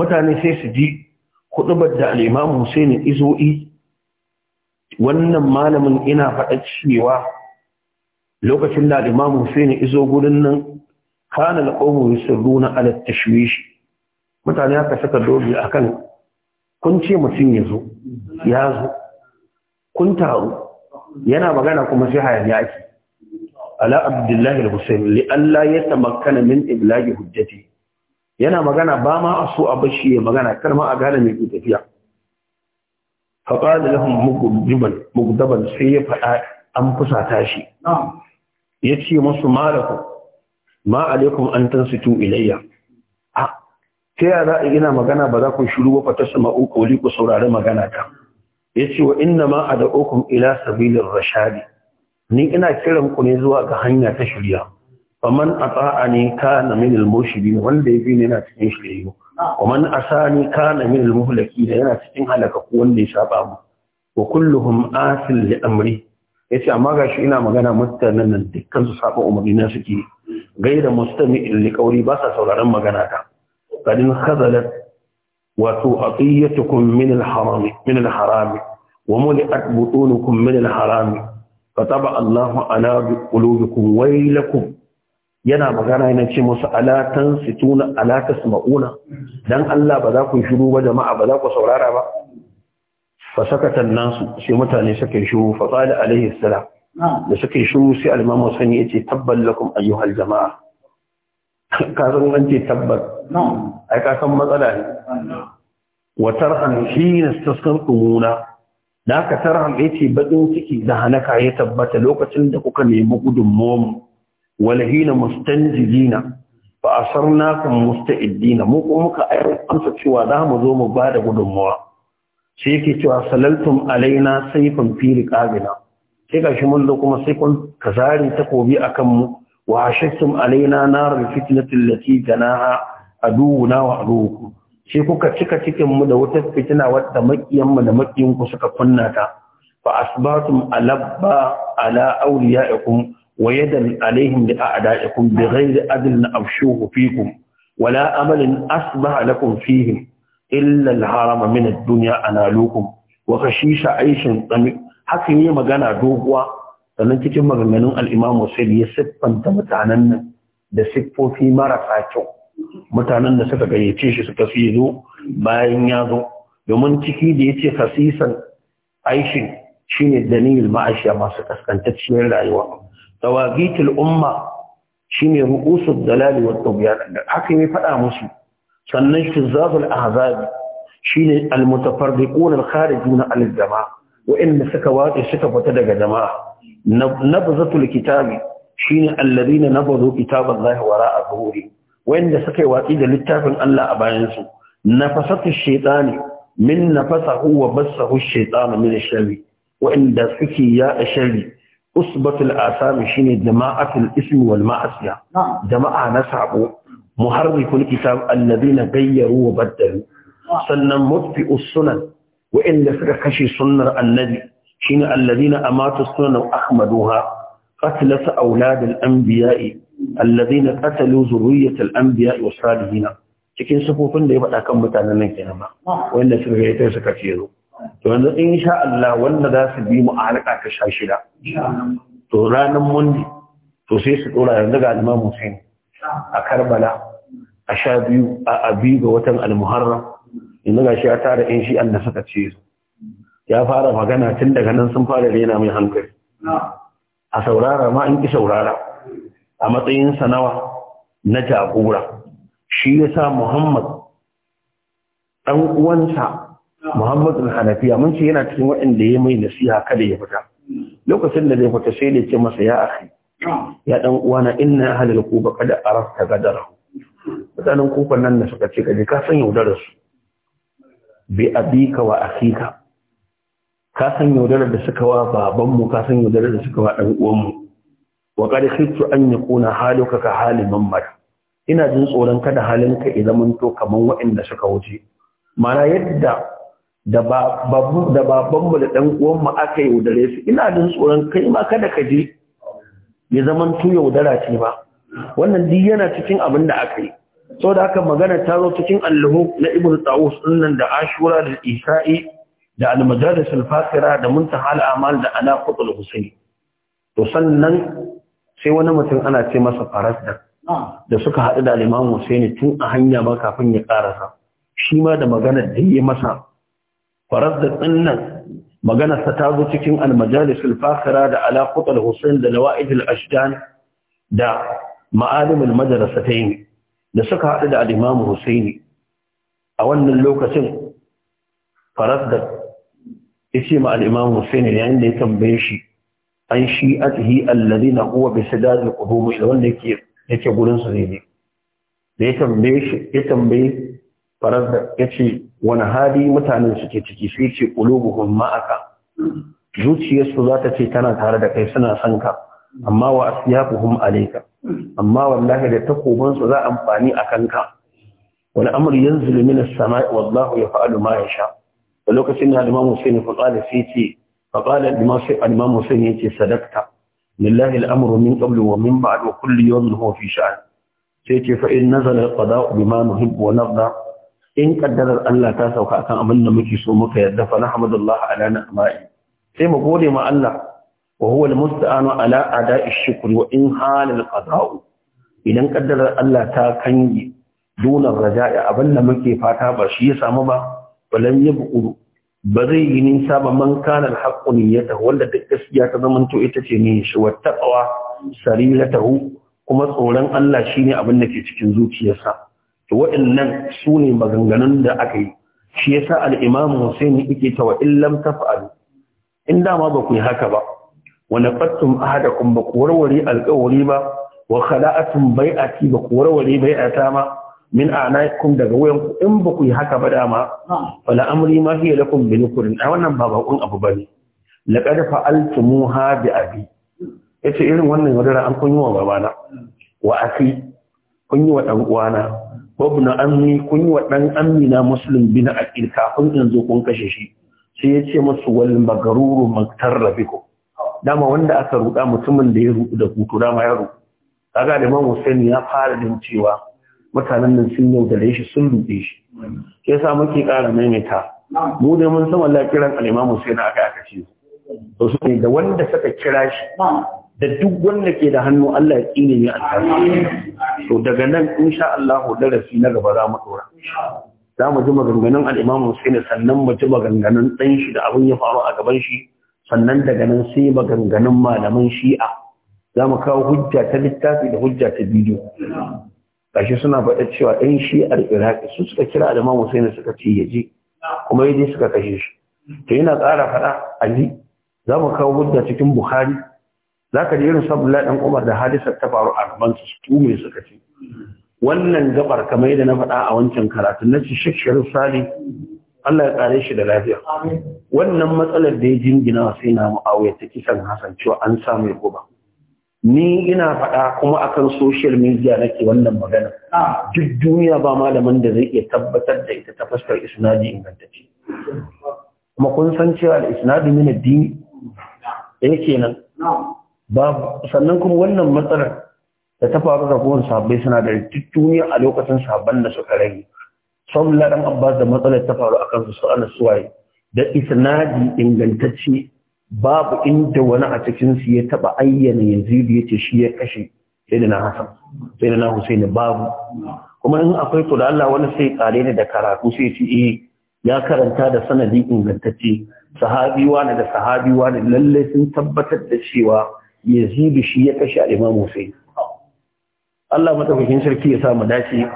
mutane sai su ji kuɗubar da al'imamu sai ne Izo'i wannan malamin ina faɗa cewa lokacin da Imam Hussein izo gurin nan kana al-qawmu yusirruna ala tashwish mutane aka saka dobi akan kun ce mutum ya zo ya zo kun taru yana magana kuma sai hayan ake ala abdullahi al-husayn li alla yatamakkana min iblagi hujjati yana magana ba ma a so a bashi ya magana kar ma a gane me ke tafiya faƙali lahun mugdaban sai ya faɗa an fusata shi ya ce masu malaku ma alaikum an tansitu ilayya a ta ya za a ina magana ba za ku shiru ba fata sama uku wali ku saurari magana ta ya ce wa inna ma a da ukun ila sabilin rashadi ni ina kiran ku ne zuwa ga hanya ta shirya faman a tsa'a ne ka na minil moshiri wanda ya bi ne na cikin shirya wa man asani kana min al da yana cikin halakaku wanda ya saba mu wa kulluhum asil li amri yace amma gashi ina magana mutanen nan dukkan su saba umarni na suke gaida mustami'in li qawli ba sa sauraron magana ta kadin khazalat wato atiyatukum min al-harami min harami wa muli'at butunukum min al-harami fataba Allahu ala qulubikum waylakum yana magana yana ce musu alatan situna alatas ma'una dan Allah ba za ku shiru ba jama'a ba za ku saurara ba fa sakatan nasu sai mutane suka yi shiru fa qala alaihi salam da suka yi shiru sai al-imamu sani yace tabban lakum ayyuhal jama'a ka san an ce tabbal ai ka san matsala ne wa tarhan hina istasqamuna da ka tarhan yace bakin ciki da hanaka ya tabbata lokacin da kuka nemi gudunmuwa walhina mustanjidina fa asarnakum musta'idina mu kuma muka amsa cewa za mu zo mu bada gudunmawa sai yake cewa salaltum alaina sayfan fi riqabina sai gashi mun zo kuma sai kun kazari takobi akan mu wa hashtum alaina nar fitnati allati janaha aduuna wa aduukum sai kuka cika cikin mu da wata fitina wadda makiyan mu da makiyan ku suka kunna ta fa asbatum alabba ala awliyaikum ويدا عليهم لأعدائكم بغير أدل أبشوه فيكم ولا أمل أصبح لكم فيهم إلا الحرم من الدنيا أنالوكم وخشيش عيش طمئ haka yi magana doguwa sannan cikin maganganun al'imam Hussein ya siffanta mutanen nan da siffofi marasa kyau mutanen da suka gayyace shi suka fi zo bayan ya zo domin ciki da ya ce kasisan aishin shine dalilin ma'ashiya masu kaskantacciyar rayuwa tawagitul umma shine ru'usud dalal wa tubyan haka ne faɗa musu sannan shizabul ahzab shine almutafarriqun alkharijun aljamaa wa in suka wace suka fita daga jama'a nabzatul kitabi shine alladhina nabzu kitaballahi wara'a zuhuri wanda suka yi watsi da littafin Allah a bayan su nafasatu shaytani min nafasahu wa bassahu shaytanu min ash-shari wa inda suke ya ash-shari usbatul asami shine jama'atul ismi wal ma'asiya jama'a na sabo muharriful kitab alladhina gayyaru wa baddalu sannan mutfi'us sunan inda suka kashe sunnar annabi shine alladhina amatu sunan ahmaduha qatlat auladul anbiya'i alladhina qatalu zurriyyatal anbiya'i was salihin cikin sufofin da ya faɗa kan mutanen nan kenan ba wanda suka ga ita suka ce zo to yanzu in sha Allah wanda za su bi mu a halka ta sha shida to ranar mundi to sai su ɗora yanzu ga Imam Hussein a Karbala a sha biyu a abi ga watan Al-Muharram yanzu ga shi ya tara in shi Allah suka ce ya fara magana tun daga nan sun fara rena mai hankali a saurara ma in ki saurara a matsayin sanawa na jagora shi yasa Muhammad ɗan uwansa Muhammadu Hanafiya mun ce yana cikin waɗanda ya mai nasiha kada ya fita lokacin da zai fita sai da ce masa ya akhi ya dan uwana inna ahlul kuba kad arafta gadarahu mutanen kofar nan da suka ce ka je ka san yaudarar su bi abika wa akhika ka san yaudarar da suka wa babanmu ka san yaudarar da suka wa dan uwanmu wa qad khiftu an yakuna haluka ka halin mamar ina jin tsoron kada halinka idan mun to kaman waɗanda suka wuce mana yadda da da babanmu da mu aka yaudare su ina jin tsoron kai ma kada ka je ya zaman tu yaudara ce ba wannan duk yana cikin abin da aka yi saboda haka magana ta zo cikin allahu na ibnu ta'us nan da ashura da isa'i da al-majalis da muntaha al-amal da ala qutul husayn to sannan sai wani mutum ana ce masa farasta da suka haɗu da al-imam husaini tun a hanya ba kafin ya karasa shi ma da magana da yi masa farazza nan, maganarsa ta zo cikin almajalisul fakira da alaƙutar husain da lawa'idul ashdan da ma'alimin madarasa ta yi da suka haɗu da alimamu husaini a wannan lokacin faras da ishe ma alimamu husaini yayin da ya tambaye shi an shi a tsihi allari na kuwa bai su dajin kudu mai wanda yake ne da ya tambaye da ya ce wani hali mutanen suke ciki sai ce ƙulubuhun ma'aka zuciyarsu za ta ce tana tare da kai suna son ka amma wa asiyabuhum alayka amma wallahi da takobansu za amfani a kanka wani amri yanzu min as-sama'i wallahu yaf'alu ma ya sha. da lokacin da Imam Hussein fa qala sai ce fa qala Imam Hussein yace sadaqta lillahi al min qablu wa min ba'du kulli yawmin huwa fi sha'an sai ce fa in nazala al-qada'u bima nuhibbu wa narda in kaddarar Allah ta sauka akan abin da muke so muka yarda, fa nahmadullah ala ni'mai sai mu gode ma Allah wa huwa almusta'anu ala ada'i shukri wa in halal qada'u idan kaddarar Allah ta kange dunar raja'i abin da muke fata ba shi ya samu ba walan yabqu ba zai yi nisa ba man kana ya niyyata wanda duk gaskiya ta zamanto ita ce ne shi wa taqwa sarilatahu kuma tsoron Allah shine abin da ke cikin zuciyarsa wa'annan su ne maganganun da aka yi shi yasa al-imamu husaini ike ta wa illam taf'alu in dama ba ku yi haka ba wa naqattum ahadakum ba ku warware alƙawari ba wa khala'atum bai'ati ba ku warware bai'ata ma min kun daga wayan ku in ba ku yi haka ba dama fala amri ma hiya lakum bi nukurin a wannan ba bakun abu bane laqad fa'altumuha bi abi ce irin wannan wadara an kun yi wa babana wa akhi kun yi wa ɗan uwana wabna ammi kun yi wa ɗan ammi na muslim bin Akil kafin in zo kun kashe shi sai ya ce masu wal magaruru maktar bikum dama wanda aka ruɗa mutumin da ya ruɗu da kuto dama ya ruɗu kaga da man Hussein ya fara din cewa mutanen nan sun yaudare shi sun ruɗe shi sai sa muke ƙara maimaita mu da mun san wallahi kiran al Hussein aka aka ce su ne da wanda suka kira shi da duk wanda ke da hannu Allah ya tsine ya alfarma to daga nan insha Allah darasi na gaba za mu dora za mu ji maganganun al-Imam sannan mu ji maganganun dan shi da abin ya faru a gaban shi sannan daga nan sai maganganun malaman Shi'a za mu kawo hujja ta littafi da hujja ta bidiyo gashi suna faɗa cewa ɗan shi'ar iraki su suka kira da Imam suka ce ya kuma yaje suka kashe shi to yana ƙara faɗa ali za mu kawo hujja cikin Buhari. zaka ka irin sabbin ladan umar da hadisar ta faru a gabansu su tume suka ce wannan gabar kamar yadda na faɗa a wancan karatu, na ci shekshar sali Allah ya kare shi da lafiya wannan matsalar da ya jingina sai na mu'awiyar ta kisan hassan cewa an samu mai goba ni ina faɗa kuma akan social media nake wannan magana duk duniya ba malamin da zai iya tabbatar da ita ta fuskar isnadi ingantacce kuma kun san cewa al-isnadu min ad-din yake eh, nan sannan kuma wannan matsalar da ta faru da kowane sahabbai suna da rikittuniya a lokacin sahabban da suka rage sabula dan abbas da matsalar ta faru akan su ana suwaye da isnadi ingantacce babu inda wani a cikin su ya taba ayyana yanzu ya ce shi ya kashe sayyidina hasan sayyidina husaini babu kuma in akwai to da Allah wani sai kare ne da karatu sai ce eh ya karanta da sanadi ingantacce Sahabiwa ne da sahabiwa ne lalle sun tabbatar da cewa yazidu shi ya kashe al-imam Hussein Allah madaukakin sarki ya sa mu dace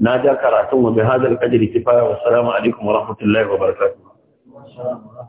na ja karatun wa bihadal qadri kifaya wa Salamu alaikum wa rahmatullahi wa barakatuh